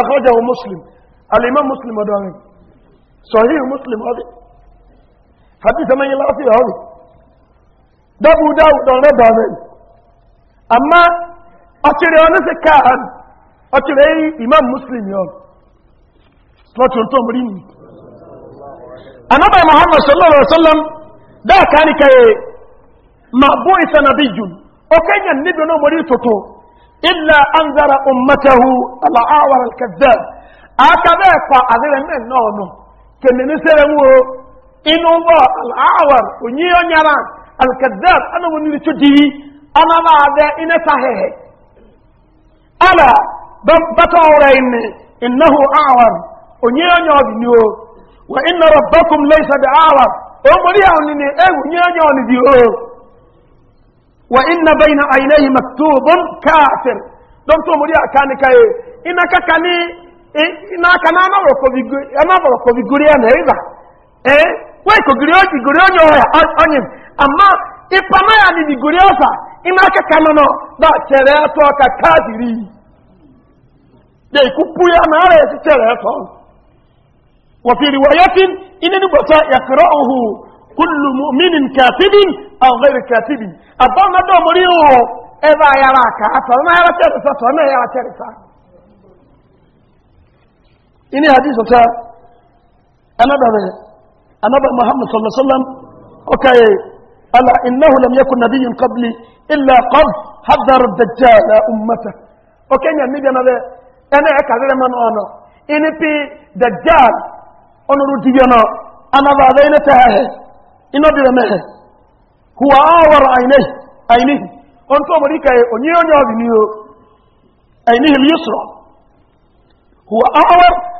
اخرجه مسلم الامام مسلم وداني صحيح مسلم هذا hadisa manyi lafiya hori dabu dawu amma a cire wani su ka'an a imam muslim yau slotun to muri ne annabai sallallahu wasallam da ka ma boy sanabiyun o kanya ni do no muri toto illa anzara ummatahu al-awar aka inú bọ al'awar onye onyara alkazab ana wọn ni tó diwi ana ba abẹ ina sahihi ala bata ọrẹ inni innahu awar onye onye ọbi ni o wa inna rabbakum laysa bi awar o oh, mori awon ni e eh, onye onye ọni di o wa inna bayna ainihi maktubun kafir don to mori akani kaye ina kakani eh, ina kana na roko bi ana roko bi guri ana ida eh weko giri oji giri onye ọhịa onye ama ịpama ya dị giri ọfa ime aka ka nọ na chere ẹtọ ka kaadiri na ikupu ya na ara esi chere ẹtọ wafiri wayatin ina nubata ya kira ohu kullu mu'minin katibin aw ghairu katibin abba na do mori o e ba ya ra ka ato na ya ra chere sa to na ya ra chere sa ini hadisi ta anadabe النبي محمد صلى الله عليه وسلم اوكي الا انه لم يكن نبي قبلي الا قد حذر الدجال امته اوكي يا نبي انا انا أنا من انا ان بي دجال انا رجي انا انا بعدين تهه ان ادري ما هو اور عينيه عينيه انت امريكا اونيو نيو عينيه اليسرى هو اور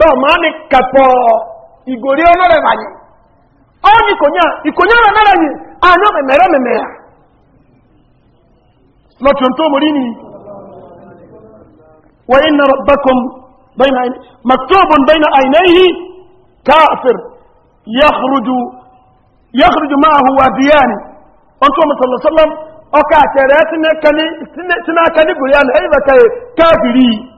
dɔw maa ni kapɔɔ igori ɔno rɛ ma nye ɔwɔ ni konya ikonya rɛ mɛrɛ nye a nyɔ mɛmɛrɛ mɛmɛrɛ lɔtɔntɔ mori ni wa ina bakom bayna ayin maktubun bayna ayinayhi kafir yakhruju yakhruju ma'ahu wadiyani on to musallu sallam ɔka tɛrɛ sinɛ kani sinɛ kani gori an ayi ba kai kafiri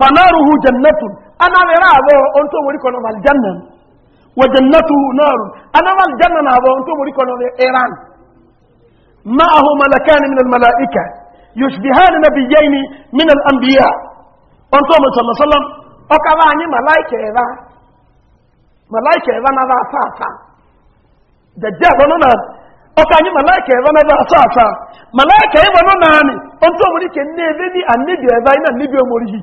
فناره جنة أنا لرابو أنتو أنا بالجنة وجنته نار أنا والجنة نابو أنتو أنا إيران معه ملكان من الملائكة يشبهان نبيين من الأنبياء أنتو صلى الله عليه وسلم أكواني ملائكة إذا ملائكة إذا نذا ساسا دجال أنا أكواني ملائكة إذا نذا ساسا ملائكة إذا ننا أنتو أنا نبي أن نبي إذا نبي أمريه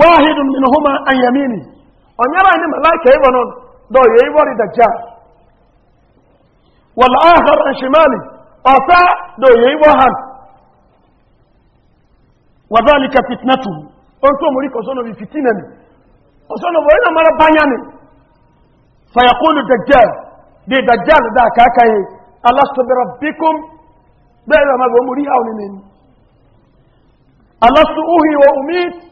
واحد منهما عن يميني ونرى أن ملاك يبنى دو يبري دجال والآخر عن شمالي أفا دو يبوهن وذلك فتنته أنتم مريك أصنوا بفتنني أصنوا بأينا مرة بانياني فيقول الدجال دي دجال دا كاكاي ألست بربكم بأينا ما بأمري أو لمن ألست أهي وأميت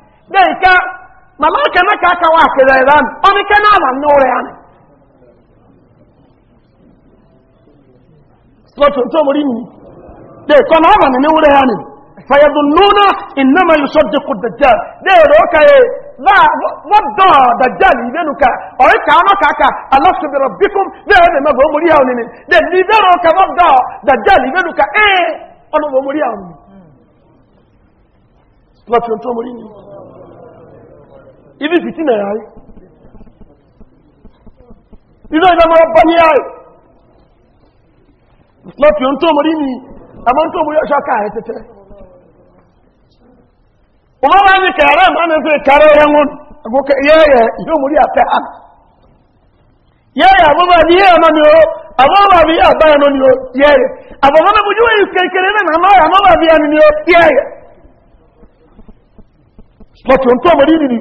dai ka malaka na ka ka wa ke dai ran oni ke na ran no re an so to to mori ni dai ko na ran ne wure an fa yadunnuna inma yusaddiqu ad-dajjal dai ro ka e ba wadda dajjal idenu ka o ka na ka ka allah bi rabbikum dai ne ma go mori ha oni ne dai ni dai ro ka wadda dajjal idenu ka eh ono go mori ha oni Lọ́tí ohun tó mú rí ni ibi fìtínà yà rí ilé ìdámọ́ bá ní ààrẹ lọ́pì ohun tó mọ̀rí ni àmọ́ tó mọ̀rí ọ̀ṣọ́ káà rẹ̀ tẹ́tẹ́ ọmọ bá ní kẹrẹ máa ní fẹ́ kẹrẹ rẹ̀ wọn agbókẹ yẹ́yẹ ìjọ mọ̀rí àtẹ́ à yẹ́yẹ àbọ́bà ní yẹ́yẹ ọmọ ni ó àbọ́bà bí àbáyẹ ní ó yẹ́yẹ àbọ̀bọ́ náà mojú wẹ́yìn kékeré náà máa àbọ́bà bí ẹni ni ó yẹ́yẹ lọ́pì ohun tó mọ̀rí nìyí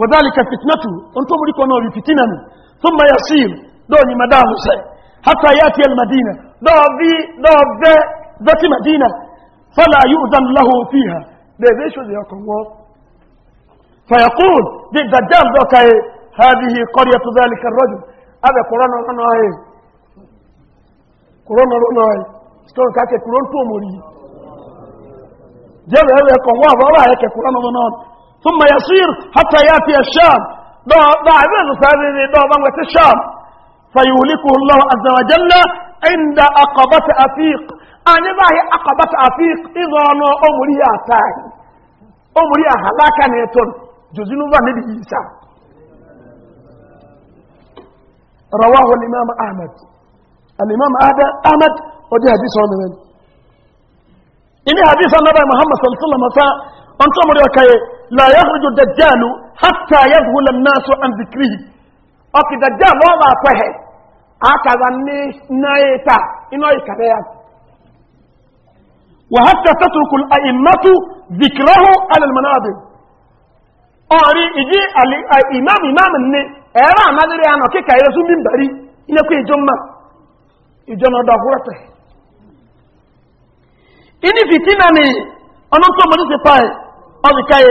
وذلك فتنته انتم لكم نور فتنه ثم يصير دوني مدام سي حتى ياتي المدينه دو في دو في ذات مدينه فلا يؤذن له فيها وزيكم بيش فيقول دي الدجال دوك إيه؟ هذه قريه ذلك الرجل هذا قران انا ايه قران انا ايه ستون كاكي قران تومري جاب هذا يكون واضح رايك قران انا ثم يصير حتى يأتي الشام ضاع بغث هذه ضوء الشام فيهلكه الله عز وجل عند أقبة أفيق أنا ما هي أقبة أفيق إذا أنا أمري أتاي أمري أهلاك نيتون جزينو نبي إيسا رواه الإمام أحمد الإمام أحمد أحمد ودي حديث من إني حديث النبي محمد صلى الله عليه وسلم أنت أمري أكاي لا يخرج الدجال حتى يذهل الناس عن ذكره أكي دجال وضع فه أكذا نايتا إنه يكذا وحتى تترك الأئمة ذكره على المنابر أري إجي الإمام إمام الني أرى مدري أنا كي كيرسو من بري إنه كي جمع إجانا دهورته إني فتنة أنا أنتم مريسي فاي أذكاي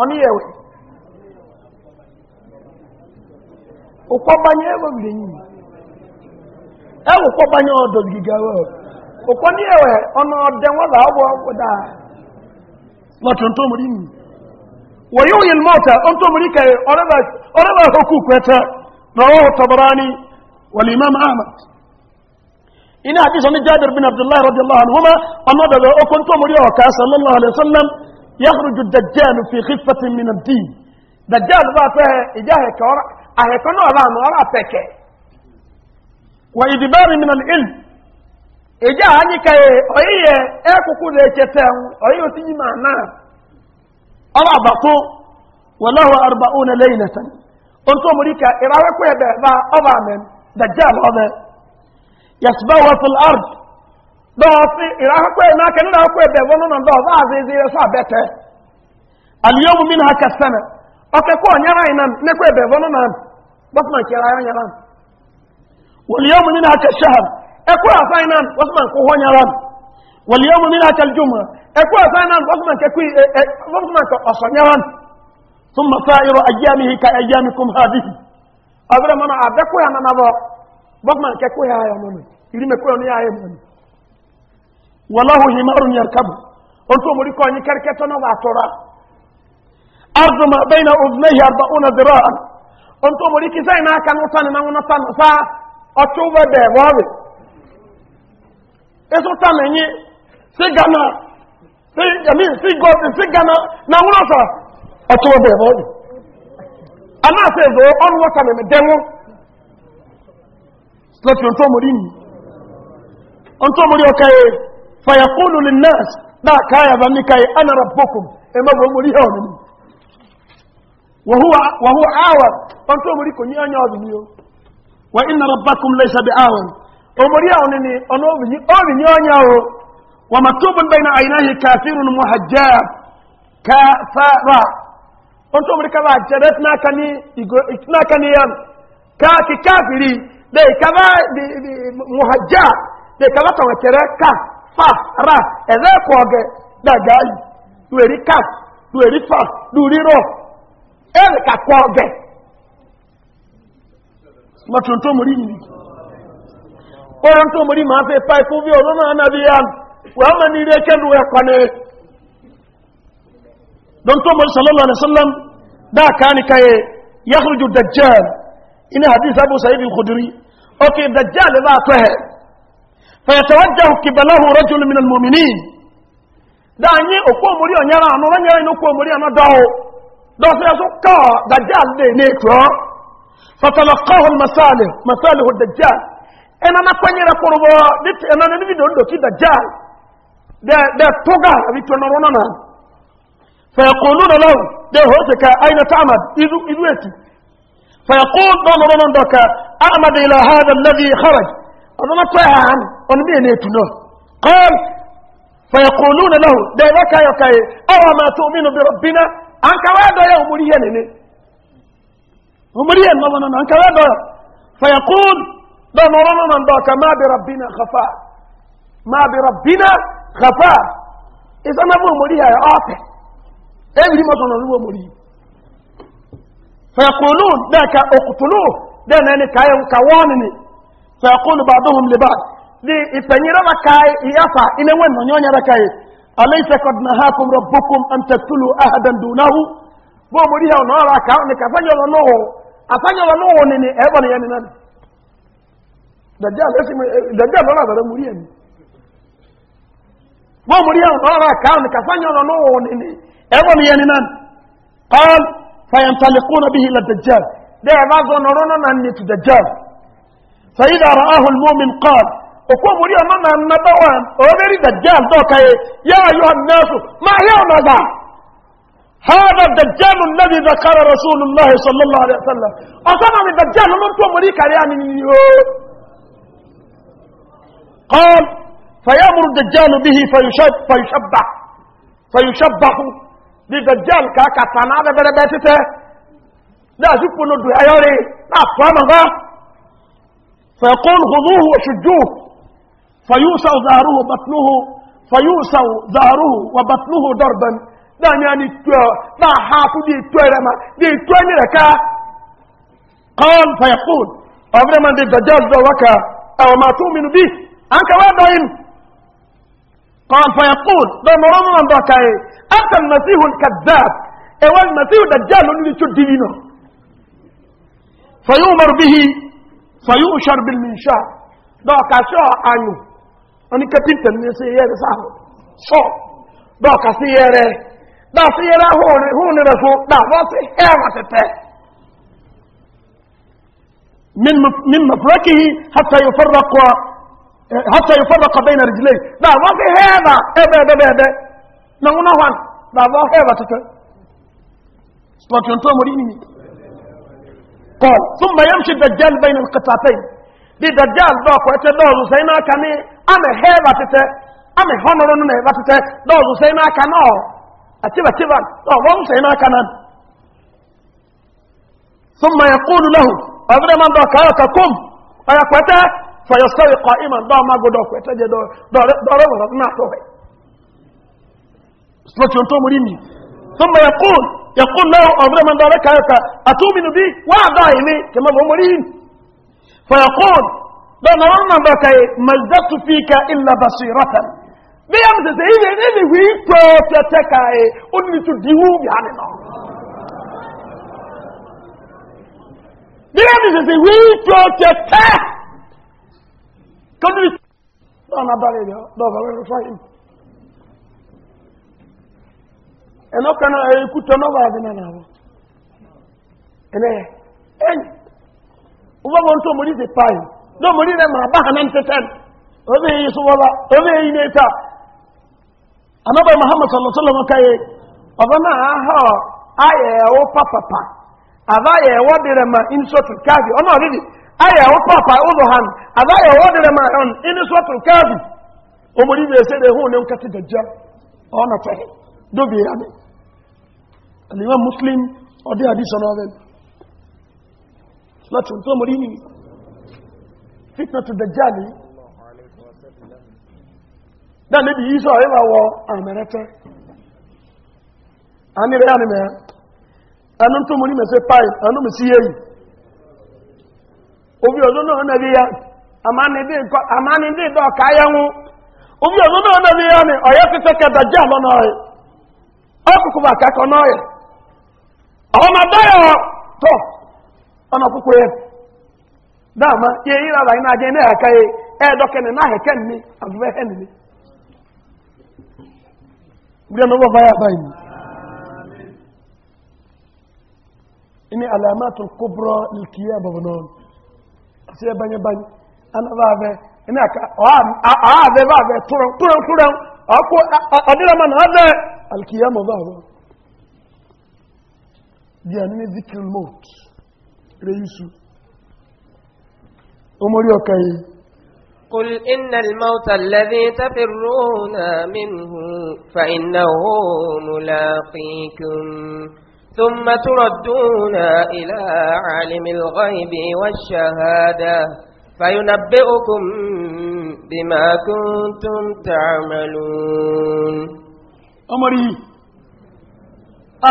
ọnịyewe ụkwọbanye ewebiri nyi ewụkwọbanye ọdọgigawe ụkwọnịyewe ọnọdụ nwada ọgwụ ọgwụda lọtụntụmri nyi wọ̀nyí òyìn mọ́ta ọ̀ntọ́mọ̀rí kẹ ọ̀rẹ́bà ọkù kwẹta rọwọ́ tọ̀bọ̀rání wọ̀lì imam ahmad ina àti sọ ní jabir bin abdullahi radiyallahu anhu ma ọmọdọ̀lọ́ ọkùn tọ́mọ̀rí ọ̀ká sallallahu يخرج الدجال في خفة من الدين دجال باته إجاه كورا أهيكونا أرام أرى تكي وإدبار من العلم إجاه نكي أيه أكو كل يتتاه أيه تجي معنا أرى بطو وله أربعون ليلة أنتم مريكا إراوكو يبعبا أبا من دجال هذا يسبوه في الأرض dɔɔsi irakakɔ yi n'aka ne n'akɔ yi bɛbɔ no na dɔɔsi azeze yɛ so abɛtɛ aliyomu mi na aka sɛnɛ ɔkɛkɔ ɔnyara yi nan n'akɔ yi na bɔtuma nkyɛra yɛ nyara waliyomu na aka shahar ɛkɔ asan nan na nkɔhɔ nyara waliyomu mi na aka nan bɔtuma nkɛkɔ ɛ ɛ bɔtuma nkɔ ɔsɔ nyara tun ma hi ka kum mana ya nanabɔ na nkɛkɔ ya yɛ ya ya wọláhùn yìí márùn yẹn kábù ohun tó mórí kẹ́rẹ́kẹ́tọ́ náà wà tọ́ra arzuma bẹ́ẹ̀nà na àbáwọnà zẹ̀rọ̀ àná ohun tó sẹ́yìn náà kan tánà náà wọn tánà sá ọtí ó bẹ̀ẹ̀ wọ́ọ̀rì èso tánà yín sí ghana sí yẹmí sí gọ́ọ̀sì sí ghana náà wọn sọ ọtí ó bẹ̀ẹ̀ wọ́ọ̀rì aláàfẹ́ ìzọ ọ̀rùn wọ́ta فيقول للناس لا كايا بنكاي أنا ربكم إما بمريهم وهو وهو عاون أنتم مريكم يا نيو وإن ربكم ليس بعاون أمريهم إني أنا بني أنا نيو ومكتوب بين عينيه كافر محجاب كافر أنتم مريكا جرتنا كني إتنا كني كاكي كافري ده كذا محجاب ده كذا كذا كذا fast rat ẹ̀rẹ́ ẹ̀kọ́ ọ̀gẹ̀ dàgà yìí lùwẹ̀rí fast pa ikú bí ọ̀rọ̀ náà náà ní ilé ni mọ̀rí dáa ká dajjal ina hadith abu sa'id khudri ok dajjal e فيتوجه قبله رجل من المؤمنين داني اوكو موري اونيرا انو رانيرا نوكو موري انو داو داو سيسو كا دجال دي نيكو فتلقاه المصالح مصالح الدجال انا ما كونيرا كوربو ديت انا نبي دون كي دجال ده ده توغا ابي تونرونا فيقولون له ده هوتك اين تعمد اذو اذوتي فيقول دون نعم، رونن دوكا اعمد الى هذا الذي خرج اظن ما فاهم ونبيني تنو قال فيقولون له ذلك يكاي أو ما تؤمن بربنا أنك وادو يا أمريا نني أمريا ما ظننا أنك وادو فيقول لا مرنا من ذاك ما بربنا خفاء ما بربنا خفاء إذا ما هو أمريا يا أعطي أبي إيه ما ظننا هو أمريا فيقولون ذاك اقتلوه ده ناني كاي وكوانني فيقول بعضهم لبعض ni ipanyira bakai iyafa ine wenno nyonya bakai alaysa qad nahakum rabbukum an taqtulu ahadan dunahu bo muri ha no ka ni kafanya lo no afanya lo no ni ni ebo ni ni nani dajjal esi eh, dajjal lo la muri ni bo muri ha no ka ni kafanya lo no ni ni ebo ni ni nani qal fayantalikuna bihi la dajjal de ba zo no no nan ni dajjal فإذا رآه المؤمن قال okwo muri ono na nnaba wa oberi dajjal doka ye ya ayuha nasu ma هذا الدجال الذي ذكر رسول الله صلى الله عليه وسلم أصلا من الدجال من تو مريكا يعني قال فيأمر الدجال به فيشب فيشبع فيشبع للدجال كاكا تنادى برباتته لا يكون الدعاء لا فما فيقول خذوه وشجوه فيوسع ظهره بطنه فيوسع ظهره وبطنه ضربا دعني يعني ما حافو دي تويرما دي تويرما قال فيقول من دي دجال ذوكا أو ما تؤمن به أنك وين قال فيقول بمرام من ذاكاي أنت المسيح الكذاب أو إيه المسيح الدجال اللي تدينه فيؤمر به فيؤشر بالمنشار ذاك شاء عنه wọ́n ní kẹ́pìntà ní ṣe yẹ́ ẹ̀rẹ́ sáà sọ dọ́ọ̀kà sí yẹ́ rẹ̀ dáa sí yẹ́ rẹ̀ hùn rẹ̀ fún dáa wọ́n sí ẹ̀wà tẹ̀tẹ̀ min mafurakihi hata yi farraka bai na rijilai dáa wọ́n sí ẹ̀wà ẹ̀bẹ̀ẹ̀bẹ̀ẹ̀bẹ̀ na wọ́n hàn dáa wọ́n ẹ̀wà tẹ̀tẹ̀ sọ̀tìntọ́ mọ̀rí ni kọ́ tún bayan shi dajjal bai na katatai di dajjal dọ́ọ̀kọ̀ ẹ̀tẹ̀ e ama he batete ama honoro no na batete dozo sei na aka no atiba tiba no ya sei na aka nan ثم يقول له أبدا من ma كايوكا أيقوتا فيستوي قائما دو ما قدو كوتا جدو دو رب ربنا توهي سلطة انتو مريمي ثم يقول يقول له أبدا من دو كايوكا أتؤمن بي وعدائي لي كما هو مريم فيقول don wannan ba kai mazdatu fika illa basiratan bi am se sei ne ne wi to to te kai onni to diwu bi hane no bi am se sei wi to to te eno kana e ku to no na na ene en uba won to don omori rẹ ma ba ha na ntẹtẹn obe yi so wọba obe yi taa eta anaba muhammad sallallahu alaihi wasallam kaye ọba na aha ayẹ ẹwọ papapa aba ma insọtu kaafi papa ụzọ ha nù aba ayẹ ẹwọ dirẹ ma ọn insọtu kaafi be rẹ ẹsẹ rẹ hùn ọ na tẹ dobi ya muslim fitnatu dajjali da nabi isa ya ba wa amerete ani re ani me anu to muri me se pai anu me si yeyi obi ozo no na bi ya amani de ko amani de do ka ya wu obi ozo no na bi ya ni oye tete ke dajjal no oye okuku ba ka ko no oye awon ma da yo to ona kuku ye Dama dáàmà yẹ yíra rà iná ajẹ́ iná ẹ̀ka yẹ ẹ̀ẹ́dọ́kẹ́ni náà hẹ̀kẹ́ ni àdúgbò ẹ̀hẹ́ nìyí. bí ẹnu wọ́n báyà báyìí ni ní alamatu kóbrọ́ ìkìyà bọ̀bọ̀ náà àti ẹ báyẹ a a iná ẹ̀ka ọ̀háàfẹ́ báàfẹ́ túrọ̀ túrọ̀ túrọ̀ ọkọ̀ ọ̀dẹ́rẹ́mọ̀ náà bẹ́ alkìyà mọ̀ báwọ̀ bí ẹni ní zikir mọ́t rẹ̀ yusuf أمري أوكي قل إن الموت الذي تفرون منه فإنه ملاقيكم ثم تردون إلى عالم الغيب والشهادة فينبئكم بما كنتم تعملون أمري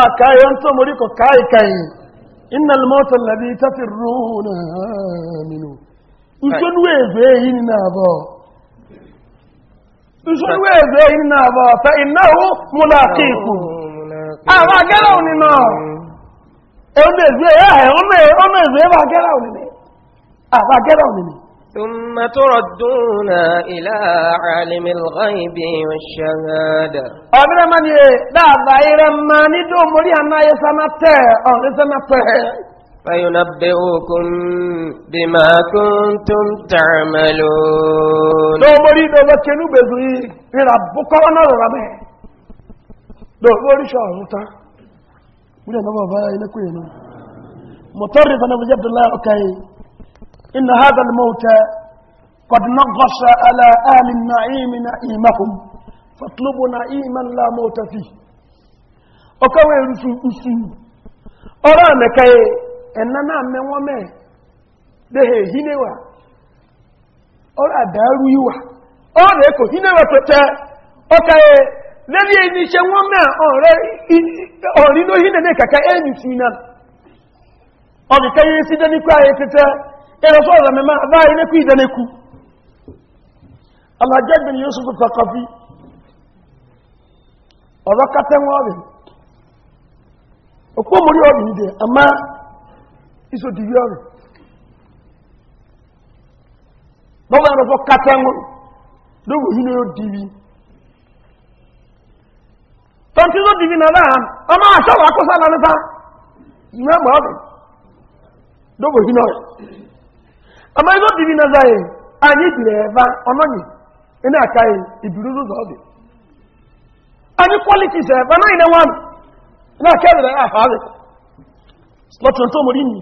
أكاي آه، أنت أمريكو كاي كاي إن الموت الذي تفرون منه ìṣónú èfè yìí ni náà bọ̀ ìṣónú èfè yìí ni náà bọ̀ fẹ́ ìnáwó múlákìkù àwọn agẹ́rẹ́ òní náà ẹ̀hún èfè ẹ̀ ọmọ èfè ẹ̀fà agẹ́rẹ́ òní ni àfà agẹ́rẹ́ òní ni ثم تردون إلى عالم الغيب والشهادة أبنا من يدعب عيرا ما ندوم لي أن يسمى التاء أو يسمى التاء fayunabbi'ukum bima kuntum ta'malun. lọ́mọdé lọ́mọ kẹnu bẹ̀rù yìí rírà bukọ́wọ́ náà rọra bẹ́ẹ̀ lọ́mọ oríṣi ọ̀run tán wúlẹ̀ náà bàbá ilé kúrè náà mọ̀tọ́rì fana bàjẹ́ abdullahi ọ̀kẹ́ yìí inna hadha al-mawta قد نغص على آل النعيم نعيمهم فاطلبوا نعيما لا موت فيه ọkọ̀wé rúfin ìsìn ọ̀rọ̀ àmẹ́kẹ́ ẹ̀nà náà mẹ́wọ́n mẹ́ léhe ìhínewà ọ́rọ̀ àdáàrú ìwà ọ́rọ̀ ẹ̀kọ̀ ìhínewà pẹ̀tẹ́ ọkàyẹ lẹ́rí ẹni iṣẹ́ wọ́n mẹ́ ọ̀rínú ìhínẹ̀ kàkà ẹni tí iná ọ̀dìkẹyẹ sí dẹ́nikú ayẹ tẹ́tẹ́ ọ̀rìn ìdẹ̀ àmá iso di yọrọ bọ́mọ̀ ẹ̀rọ fọ́ kátẹ́mù lówù yí ni ó na tọ́ntí ló dìbí náà náà ọmọ àṣọ́wà kó sáà lọ́nà sáà ìwé ẹ̀mọ́ ọ̀dọ̀ lówù yí na ọmọ ẹ̀rọ dìbí náà sáà yìí na ìbìrẹ̀ ẹ̀fà ọlọ́yìn iná àká yìí na ló sọ ọ̀dọ̀ àní quality sẹ̀ ẹ̀fà náà ìnáwó náà kẹ́rẹ̀ ẹ̀fà rẹ̀ lọ́tọ̀ tó mọ̀ rí nìyí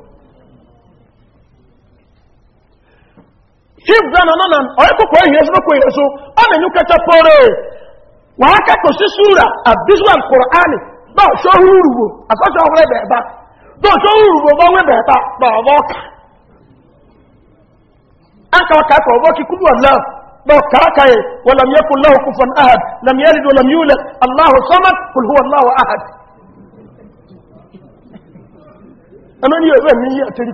hibra na nanan ọyọ kọkọ eyi ẹsẹ kọkọ eyi ẹsọ ọmọ ẹni kẹta pọrọ wàá kẹkọ sí súra àbísúwà kùránì bá ọṣọ húrùgbò àkọsọ ọwọlẹ bẹẹ bá bá ọṣọ húrùgbò bá ọwọlẹ bẹẹ bá bá ọwọ ọkà aka ọkà akọ ọwọ kíkú wà náà bá ọkà aka yẹ wà lam yẹkùn lọwọ kúfọn ahad lam yẹlid wà lam yúlẹ aláhu sọmọ kùl huwa aláhu ahad ẹnu ni yóò bẹ́ẹ̀ ní yí àtẹ́rí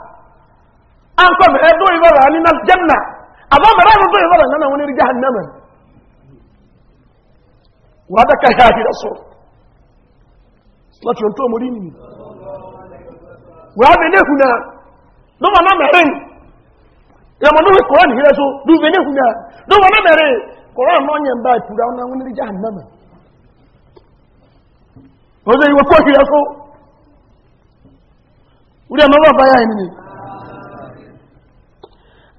an kɔmi ɛ dɔw yɛrɛ la na janna a dɔw yɛrɛ la nana wani rija hannama wa da ka y'a yɛrɛ sɔrɔ ma tun t'o wa bɛ ne kunna n'o ma na rin ye yamma kɔrɔ nin yɛrɛ so du bɛ ne kunna na mɛrɛ n'o ɲɛ ba tura na wani rija hannama o de ye wa kɔ yɛrɛ so o de ma ba y'a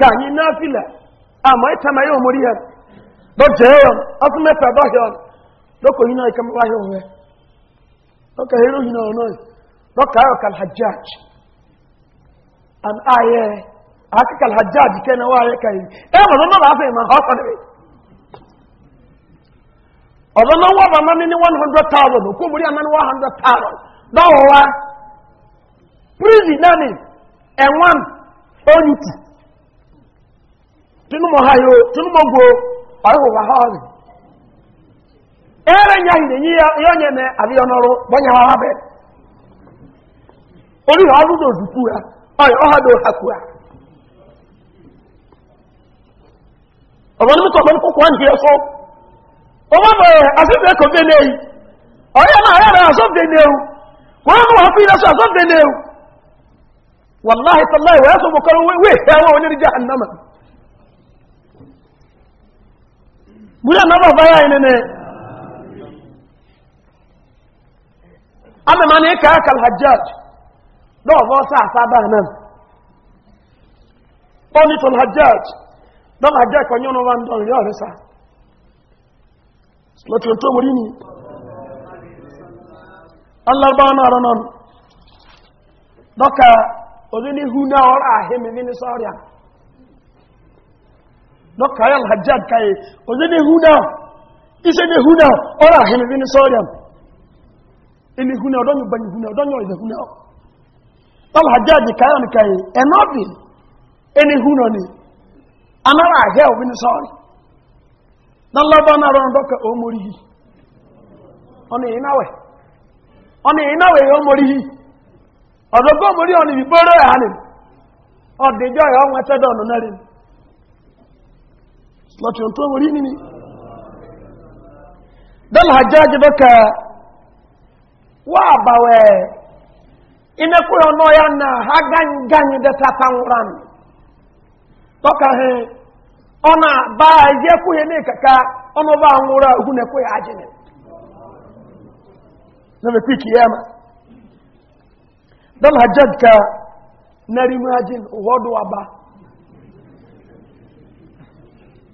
kanyi nafila na. ita mai yau muriyar ya jayon asu mefa bahiyon loko hina ikan onwe. we loko hero hina ono loko ayo kal hajjaj an aye aka kal hajjaj kenan wa aye kai e mo ma mi one hundred thousand one hundred thousand tunumọ̀ ha yóò tunumọ̀ gbo ọ̀rọ̀ wà ha ọ̀rìn ẹ̀rẹ̀ nyà hìrì yí yọ nyẹ mẹ àbí ọ̀nọ̀rọ̀ bọ́nyà wà bẹ̀ oníwà ọdún òdùkú ya ọ̀yẹ̀ ọ̀hádọ̀ ya ọ̀bọ̀n ní mítọ̀ ọ̀bọ̀n wee búrẹ́ náà bàbá yà ìnẹ́nẹ́ amẹ́mà ní kàákà alhajjaj lọ́wọ́ sáàsáàbà náà ó ní tọ́lá hajjaj lọ́wọ́ hajjaj kan yọ́nà wá ń dọ̀rọ̀ rí ọ̀rẹ́sà lọ́tún tó wọ́n rí ni alábá náà nọ lọ́kà òdí ní donc kaya alhajjad kaye oze ne huda ise ne huda ora hemi bini soriam ini huna odonyo banyi ya odonyo ize huna alhajjad kaya ni kaye enobi ini ni amara ahia bini sori na laba na ron doka o morihi oni inawe oni inawe boro ya ya láti ọ̀tọ́ orí nìní dalhajjáji bẹ́kẹ̀ wà bàwẹ̀ inẹ́kúrẹ̀ ọnọ ya na ha gáyìngáyìn dẹ́ta tanwuran tọ́ka hẹ ọ̀nà bá ẹ̀yẹ́kúyẹ ní kàkà ọmọ bá nwúra ogunẹ̀kúyẹ ajínẹ̀ lẹ́mẹ̀ pí kìíyàmà dalhajjáji ka nẹ́rìmú ajínẹ̀ wọ́dọ̀ wà bá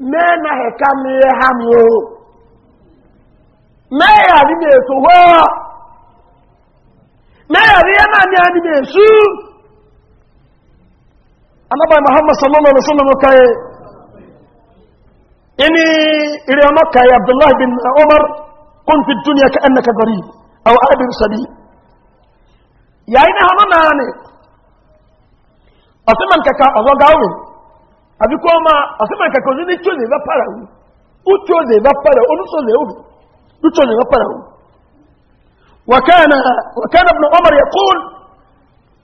mẹ́ẹ̀nà ẹ̀ka mi ha mi o mẹ́ẹ̀yà ní mi èso wọ́ mẹ́ẹ̀yà ní ẹ̀mà ní ẹni mi èsú anábàá muhammad sallallahu alaihi wasallam káyẹ ẹni ìrìn ọmọ káyẹ abdullahi bin umar kún fi dúnìyà ká ẹnna kagari àwọn arábìn sabi yàyí ní hàmà náà ni ọ̀sìn mọ̀ nkẹ́kẹ́ ọ̀zọ́ gáwìn àbí kó máa ọ̀sẹ́mọ̀ ìkẹ̀kọ̀ ní ní tí ó lè bá para wù ó tí ó lè bá para olùsọ lè wù ó tí ó lè bá para wù. wàkánà bin omar yẹ kúl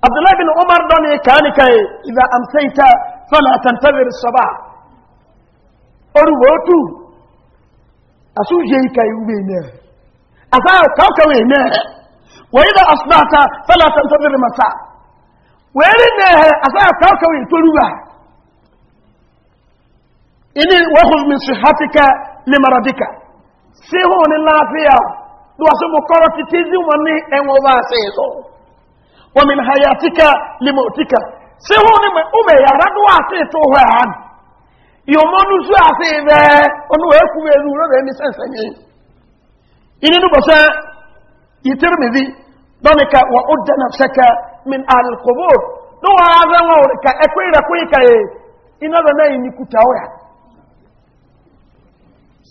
abdullahi bin omar dọ́ni kàáníkà yẹ ìdá amsaita fọlá tantabir sọba orúwọ àsúnjẹ ìkà ìwé náà àtàwọn kàwkàwé náà wọ́n yí dá asibata fọlá tantabir masa wẹ́ẹ́rì náà àtàwọn kàwkàwé tó rúwà. ini wahuz min sihatika limaradika siho ni lafiya duwa su mukoro titizi wani enwo ba se so wa min hayatika limutika siho ni me ume ya raduwa se to ho han yo monu su ase be onu e ku be ni wa min ka ina ni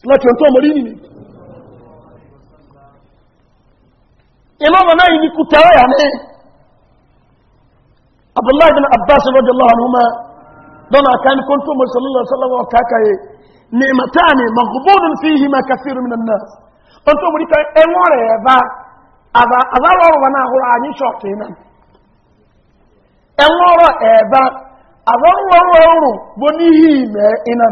láti ọ̀tọ́ ọmọdé nìmi ìmọ́mọ̀ náà yìí kú tẹ́rẹ yà ní abdullahi bin abbas rọ́jọ́ lọ́hànúmá dọ́nà àkáni kó tó mọ̀sán lọ́sọ́lọ́wọ́ kákàyè ní ìmọ̀táàni magubónin fi yìí ma kàfíìrù mi nà ọ̀n tó mọ̀rí kan ẹwọ́n rẹ̀ bá àbárọ̀rọ̀ wọn náà hùrọ̀ àyín ṣọ̀tì náà ẹwọ́n rọ̀ ẹ̀bá ọ̀rọ̀ bó ní yìí mẹ́ ináà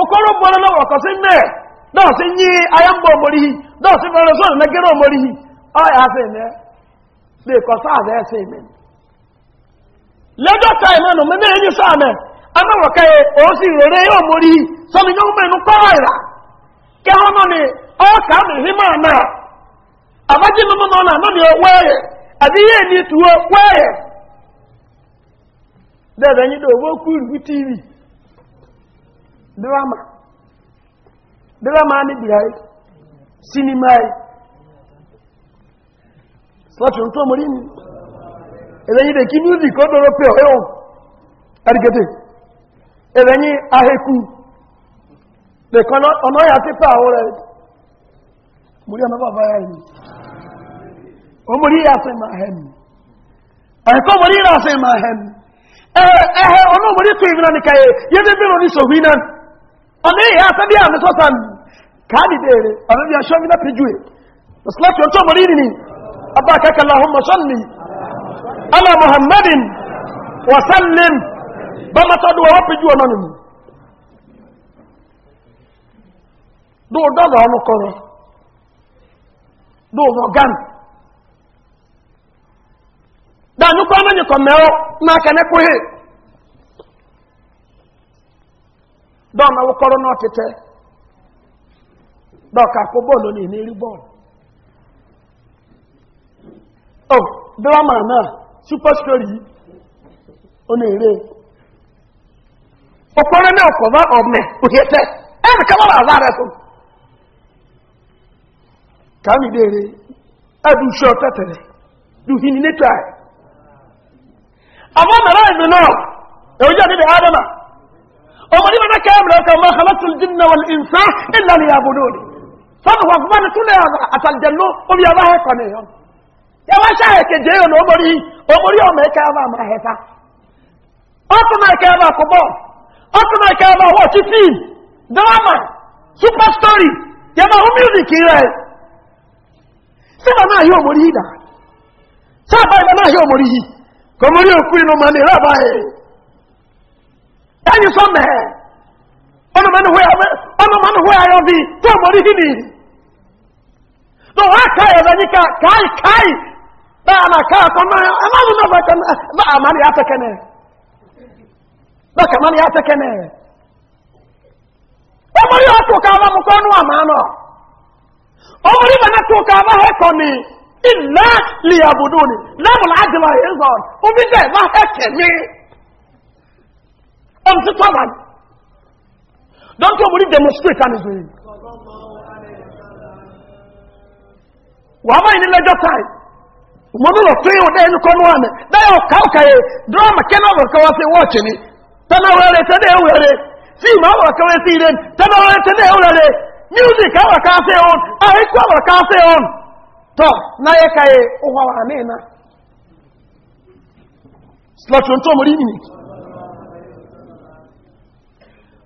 okoro bọ́lá náà wọ̀kọ̀ sí mẹ́ náà sí yí ayámbọ̀ omori yìí náà sí fẹ́rẹ̀ sọ́nà lẹ́gẹ́rẹ́ omori yìí ọ́yà sí mẹ́ lè kọ sáàdẹ́ ẹ̀sẹ̀ mẹ́ lẹ́jọ́ ta ìmọ̀nà mi náà yí sáà mẹ́ anáwọ̀kẹ́ sì rere yìí yóò mẹ́nu kọ́ ọkà mi rí máa àbájí mímú náà náà àbí yé ni drama drama ni bihari cinema yi sọ́tún tó mọ̀rí ni ẹ̀rẹ̀yìn dẹ̀ kí music ó dọ́rọ̀ pé ọ̀hẹ́ ohun ẹ̀rẹ̀gẹ̀dẹ̀ ẹ̀rẹ̀yìn ọ̀nà ọ̀yà tí pẹ́ àwọn rẹ̀ mọ̀rí ọ̀nà bàbá yà ní o e mọ̀rí ìyàfẹ́ ma hẹ́m ẹ̀kọ́ mọ̀rí ìràfẹ́ ma hẹ́m ẹ̀ẹ́ ọ̀nà mọ̀rí tó ìrìnà ọ̀nà ìyá asẹ́bí àmì sọ́sà káàdì dèrè ọ̀nà ìyá ṣọ́ mílẹ̀ pẹ̀jú ẹ̀ ọ̀sílọ́tì ọjọ́ mọ̀rí nìní abá akẹ́kọ̀ọ́ ahọ́mọ̀ sọ́nì ala muhammadin wasallim bá mọ́tọ́dù wọ́n pẹ̀jú ọ̀nà nìní dóòdọ́dọ̀ ọ̀nà kọ̀rọ̀ dóòdọ̀ gan dáa nípa ọ̀nà ìkọ̀ mẹ́ọ́ náà kẹ́ dɔɔ na wokɔrɔ na ɔtetɛ dɔɔ ka ko bɔɔlu ni o drama na super story ọ na ere okɔrɔ na ɔkɔba ɔmɛ oye ebe ɛn kaba na ava rɛ so kàmi de ere ebe sɔ tɛtɛrɛ du hinni ne taa ɛ àwọn mẹrẹ ẹgbẹ náà èyí jẹ ní bẹ ọmọ ní mọ́nà kẹ́mìrì ọkà mọ́ halattun jinna wal insa illa ni yabudu ne sọ́nà wà fún mọ́nà túnlẹ̀ àtàlìjẹ̀lú omi ọba ẹ̀kọ́ ni yọ ya wá ṣe àyẹ̀kẹ́ jẹ́ yọ lómọrí omori ọmọ ẹ̀kẹ́ ọba àmà ẹ̀fà ọtún ẹ̀kẹ́ ọba àkọ́bọ̀ ọtún ẹ̀kẹ́ ọba ọwọ́ ti fíìm drama super story yẹ máa hó music rẹ̀ sábà náà yóò mọrí yìí dà sábà náà yóò mọrí yìí kò òkú inú mọ́ rábà ẹ̀ ẹni sọ mẹ́ẹ̀ ọmọmọ́nù hó ayọ́ bí tó mọ̀rí hì nìyí tó wá káyọ̀ lọ níka káì káì bá àmà káà kọ́ náà ẹmọ́nù náà bá kẹ́nẹ̀ bá ka ní àtẹ́kẹ́ náà bá kẹ́mà ní àtẹ́kẹ́ náà ka ọ̀tọ̀ ká bá mú kọ́nù àmà náà ọmọrí na ni ọmọ sí pàwà don tó múrí demonstrate and israel wà á báyìí nílẹ́jọ́ táì mọ́núlọ̀ tó yíò dẹ́ inú kọ́nú àmì dáyà ọ̀ká ọ̀kàyẹ drama kẹ́nàbọ̀ kọwàá sí wọ́ọ̀kì ni tẹ́lẹ̀wẹ̀rẹ̀ tẹ́lẹ̀wẹ̀rẹ̀ sí ìmọ̀wọ̀ kọwàá sí ilẹ̀ tẹ́lẹ̀wẹ̀rẹ̀ tẹ́lẹ̀wẹ̀rẹ̀ music on. awọ̀ ká sí ọ̀n on. awọ̀ ká sí ọ̀n tọ́ náyẹ kàyẹ ọwọ́ àmì náà slọ́tún tó mú rí nìyí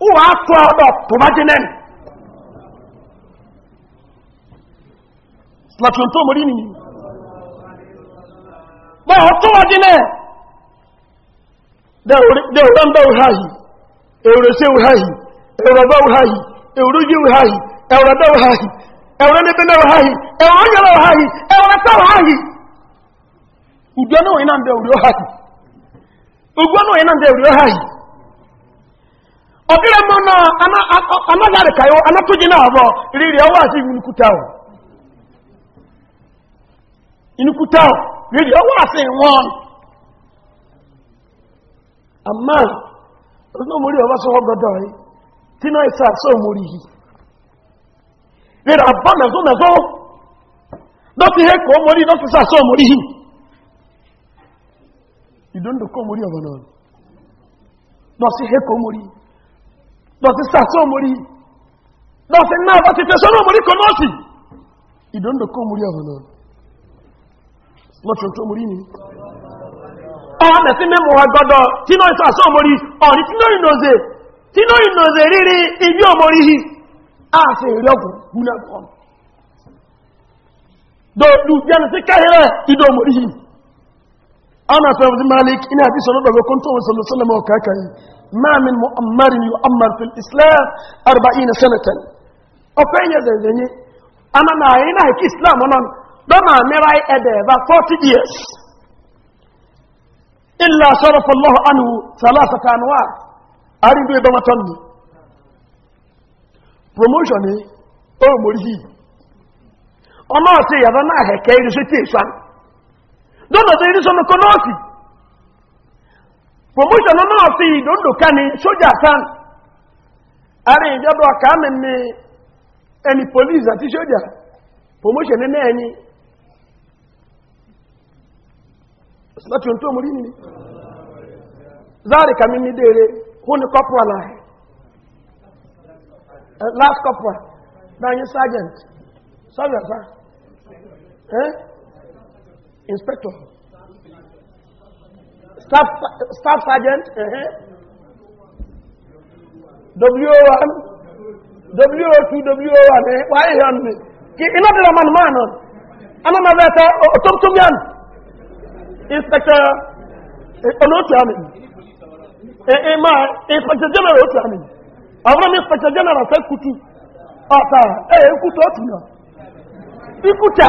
ó wàá tó ọ̀dọ̀ tó bá jẹ́ lẹ́nu lọ́tún tó mọ̀rí nìyí bọ́ọ̀ tó wà jẹ́ lẹ́ẹ̀ dẹ̀wọ̀rọ̀mbẹ̀ òháyì èròṣẹ́ òháyì èròbẹ̀ òháyì èròjẹ́ òháyì ẹ̀rọ̀bẹ̀ òháyì ẹ̀rọ̀lẹ́bẹ̀lẹ̀ òháyì ẹ̀rọ̀yẹ̀lẹ̀ òháyì ẹ̀rọ̀tẹ̀ òháyì ìgbẹ́nú ìnáǹdẹ̀ òrí òháyì ọdịrị mụ na anagharị ka ya anatụ gị na-abụọ riri ọwa azụ iwu nkwuta ahụ riri ọwa azụ nwa ọnụ ama ọdịnị omori ọba sọ ọgọdọ ọyị tinọ ịsa asọ omori ihi riri aba n'azụ n'azụ dọtị ihe ka omori dọtị sa asọ omori ihi idu ndụkọ omori ọba n'ọnụ dọtị ihe ka omori dọ̀tí sàtọ́ mórí dọ̀tí náà bá ti tẹ́sọ́nà mórí kan náà sí ìdóndòkó mórí ọ̀rọ̀ náà lọ́tún tó mórí ní ọwọ́ mẹ́sí mẹ́mọ̀ ọgọ́dọ̀ tí náà sàtọ́ mórí ọ̀rí tí náà ìnọ̀zẹ̀ tí náà ìnọ̀zẹ̀ rírí ibi ọmọrí hì áàfẹ́ ìrẹ́ ọkùn gúnlẹ̀ kan أنس بن مالك إن أبي صلى الله عليه وسلم صلى الله عليه وسلم وكاكاي ما من مؤمر يؤمر في الإسلام أربعين سنة أفين يزيني أنا ما هنا هيك إسلام أنا دما مراي أدبا 40 years إلا صرف الله عنه ثلاثة أنواع أريد دما تندي promotion أو مريض أما أتي هذا ما هيك يرشتي سان dọ́nà tó irí sọ́nà kan nọ́ọ̀sì promotion nọ́ọ̀sì ìdóńdò ká ní sójà kan àrí ìjọba kàámi ní ẹni police àti sójà promotion ní náà ẹni láti ohun tó mú rí ní záàríkà mímí dèrè hún ní kọ́pùrà náà last copra náà yí sergeant sergeant sáà inspector staff staff sergeant uh -huh. wo1 wo two, wo1 eh why you on me ki ina de man man ana na beta otom tom inspector ono ti ami eh ma inspector general o ti ami awon mi inspector general fe kutu ota ah, eh kutu o ti na ikuta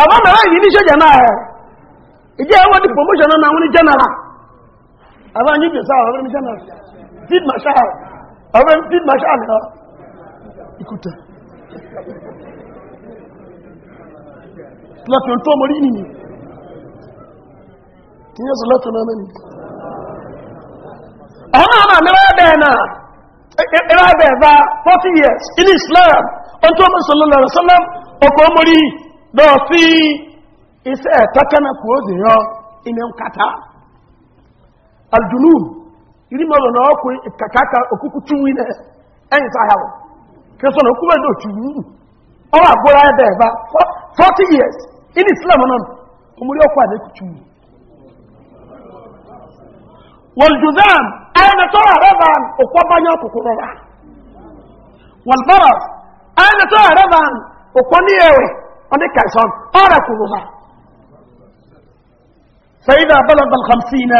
àbá mẹ́rẹ́ yìí ní ṣẹ́jẹ̀ náà ẹ̀ ìdí ẹwọ́ di promotion náà wọn ní general àbá yìí bèsà ọ̀rẹ́ mi general field marshal ọ̀rẹ́ mi field marshal lọ ikúta lọ́tún tó mọ̀rí nìyí kí yẹ́ sọ lọ́tún náà bá 40 years in islam ọjọ́ mọ́sánlọ́lọ́rọ̀ sọ́lọ́m ọkọ̀ mọ́rí dọ̀fí iṣẹ́ ẹ̀tọ́kẹ́nà kò ózè yọ inú aljunu iri na ọkù kàkàkà òkúkú túnwí nẹ ẹ̀yìn na kẹsọ̀nà òkú bẹ̀rẹ̀ òtù yìí ọwọ́ àgbóra ẹ̀dẹ̀ 40 years in islam náà omúrí ọkù àdékù túnwí wọ̀ljùzán ẹ̀ẹ́nẹ̀tọ́ àrẹ́bà òkú ọbányá kòkòrò rà wọ̀lbọ́rọ̀ ẹ̀ẹ́nẹ̀tọ́ àrẹ́bà òkú ní أنا كايسون أنا كلها فإذا بلغ الخمسين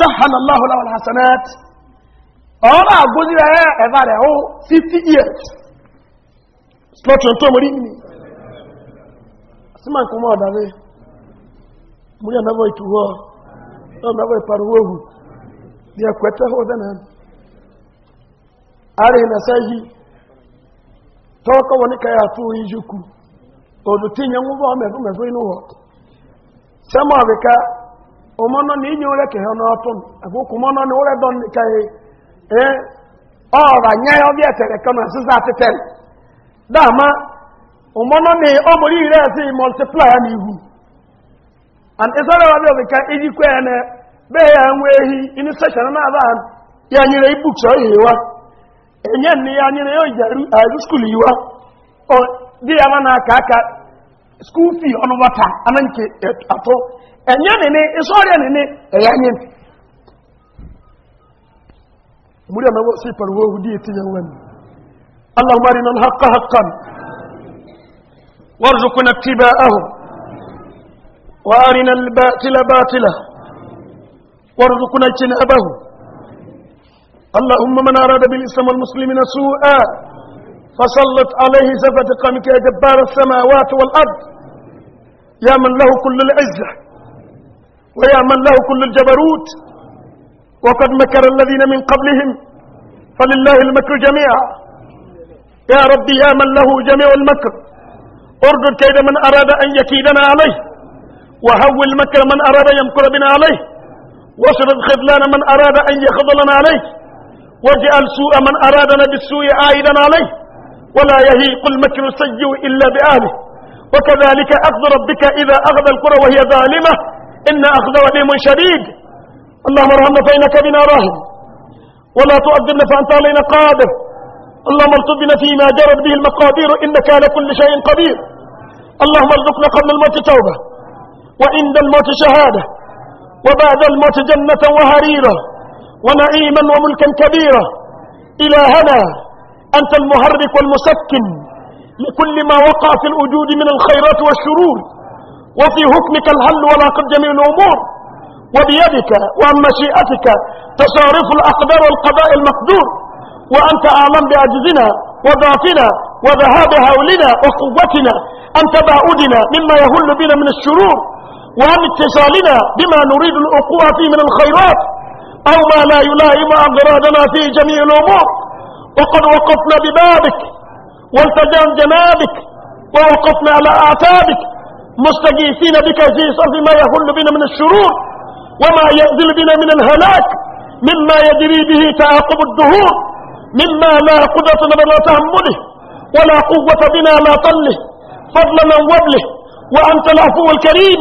سهل الله له الحسنات أنا أقول لها إذا هو ستي years سلوت أنتو مريني سمان كما دابي مريا نبوي توا أنا نبوي أنا أقول كوتا هو أقول أري أنا توقع ونكا أنا أقول جوكو ozutinye ngwụba omefu mefu ịnụwọ semọbụ ka ụmụnọ na inye ore keghe n'ọtụ agwụkwụ mọnọ na ore dọ ka e ọra nye ya ọbịa etere kọnọ asịsa atịtị dama ụmụnọ na ọmụrụ ire esi multiply na ihu and ịsọrọ ọbịa ọbịa ka ijikwa na be ya nwee ehi ịnị session na aba ya nyere ibu chọọ ihe wa enye nne ya nyere ya oyi arụ skul iwa dị ya ma na aka aka school fee ọnụ wata ana nke eh, atọ enye nene ịsọ ọrịa nene eya nye muri a mawo si parwo hudi etinye nwen اللهم ارنا الحق حقا وارزقنا اتباعه وارنا الباطل باطلا وارزقنا اجتنابه اللهم من اراد بالاسلام والمسلمين سوءا فصلت عليه قامك يا جبار السماوات والأرض يا من له كل العزة ويا من له كل الجبروت وقد مكر الذين من قبلهم فلله المكر جميعا يا ربي يا من له جميع المكر ارجل كيد من أراد أن يكيدنا عليه وهول مكر من أراد يمكر بنا عليه واشرد خذلان من أراد أن يخذلنا عليه واجعل سوء من أرادنا بالسوء عائدا عليه ولا يهيق المكر السيء إلا بأهله وكذلك أخذ ربك إذا أخذ القرى وهي ظالمة إن أخذ وليم شديد اللهم ارحمنا فإنك بنا راهب ولا تؤذبنا فأنت علينا قادر اللهم ارتبنا فيما جرت به المقادير إنك على كل شيء قدير اللهم ارزقنا قبل الموت توبة وعند الموت شهادة وبعد الموت جنة وهريرة ونعيما وملكا كبيرا إلهنا أنت المحرك والمسكن لكل ما وقع في الوجود من الخيرات والشرور وفي حكمك الحل والعقد جميع الأمور وبيدك وعن مشيئتك تصارف الأقدار والقضاء المقدور وأنت أعلم بعجزنا وضعفنا وذهاب هولنا وقوتنا أنت بعودنا مما يهل بنا من الشرور وعن اتصالنا بما نريد الأقوى فيه من الخيرات أو ما لا يلائم أغرادنا في جميع الأمور وقد وقفنا ببابك والتجام جنابك ووقفنا على اعتابك مستغيثين بك في صرف ما يهل بنا من الشرور وما ينزل بنا من الهلاك مما يجري به تعاقب الدهور مما لا قدرة لنا ولا تحمله ولا قوة بنا لا طله فضلا وبله وأنت العفو الكريم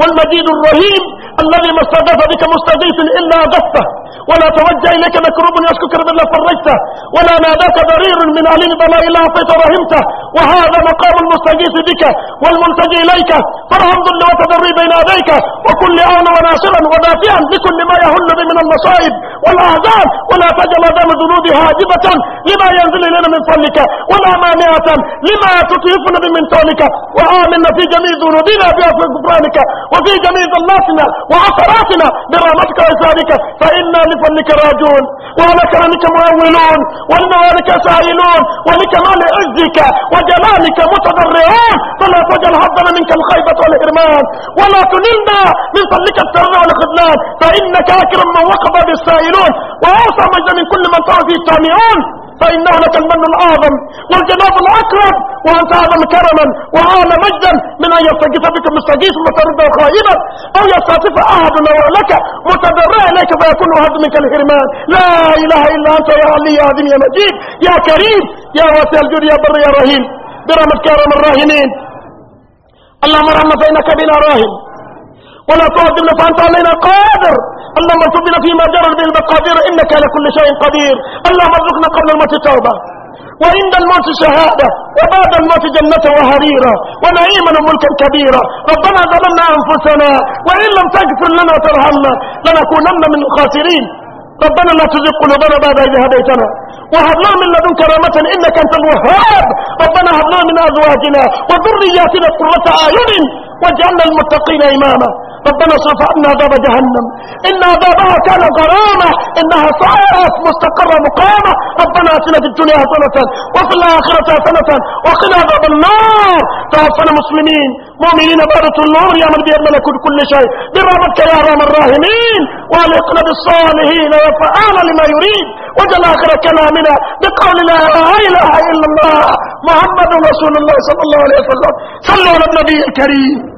والمجيد الرهيم الذي ما استضاف بك مستضيف إلا أغفته ولا توجه إليك مكروب يشكوك إلا فرجته ولا ناداك ضرير من عليم بلاء إلا أعطيت رحمته وهذا مقام المستغيث بك والملتجي إليك فارحم ذل وتضري بين يديك وكل لآن وناصرا ودافعا بكل ما يهل من المصائب والأعذار ولا تجعل أعظام الذنوب هاجبة لما ينزل إلينا من فضلك ولا مانعة لما تطيفنا من منتونك وآمنا في جميع ذنوبنا بعفو غفرانك وفي جميع ظلاتنا وعثراتنا برحمتك وإسرارك فإنا لفضلك راجون وعلى كرمك مؤولون ولموالك سائلون ولكمال عزك وجلالك متضرعون فلا تجعل حظنا منك الخيبة والإرمان ولا تنلنا من فضلك السر والخذلان فإنك أكرم من وقف بالسائلون يعملون وأوصى مجدا من كل من طار فيه طامعون فإنه لك المن الأعظم والجناب الأكرم وأنت أعظم كرما وأعلى مجدا من أن يستغيث بك مستغيث وترد خائبا أو يستعطف أحد لك متبرع إليك فيكون أحد منك الحرمان لا إله إلا أنت يا علي يا عظيم يا مجيد يا كريم يا واسع الجود يا بر يا رهيم برحمتك يا رحم الراهنين اللهم رحمة فإنك بنا راهن ولا تعذبنا فأنت علينا قادر اللهم ارزقنا فيما جرى به المقادير إنك على كل شيء قدير اللهم ارزقنا قبل الموت توبة وعند الموت شهادة وبعد الموت جنة وهريرة ونعيما وملكا كبيرا ربنا ظلمنا أنفسنا وإن لم تغفر لنا وترحمنا لنكونن من الخاسرين ربنا لا تزغ قلوبنا بعد إذ هديتنا وهب لنا من لدنك رحمة إنك أنت الوهاب ربنا هب لنا من أزواجنا وذرياتنا قرة أعين واجعلنا المتقين إماما ربنا صفى لنا عذاب جهنم إن عذابها كان غرامة إنها ساءت مستقرة مقامة ربنا آتنا في الدنيا حسنة وفي الآخرة حسنة وقنا عذاب النار توفنا مسلمين مؤمنين بارة النور يا من بيد ملكوت كل شيء برحمتك يا أرحم الراحمين وألقنا بالصالحين وفعل لما يريد وجل آخر كلامنا بقول لا إله إلا الله محمد رسول الله صلى الله عليه وسلم صلوا على النبي الكريم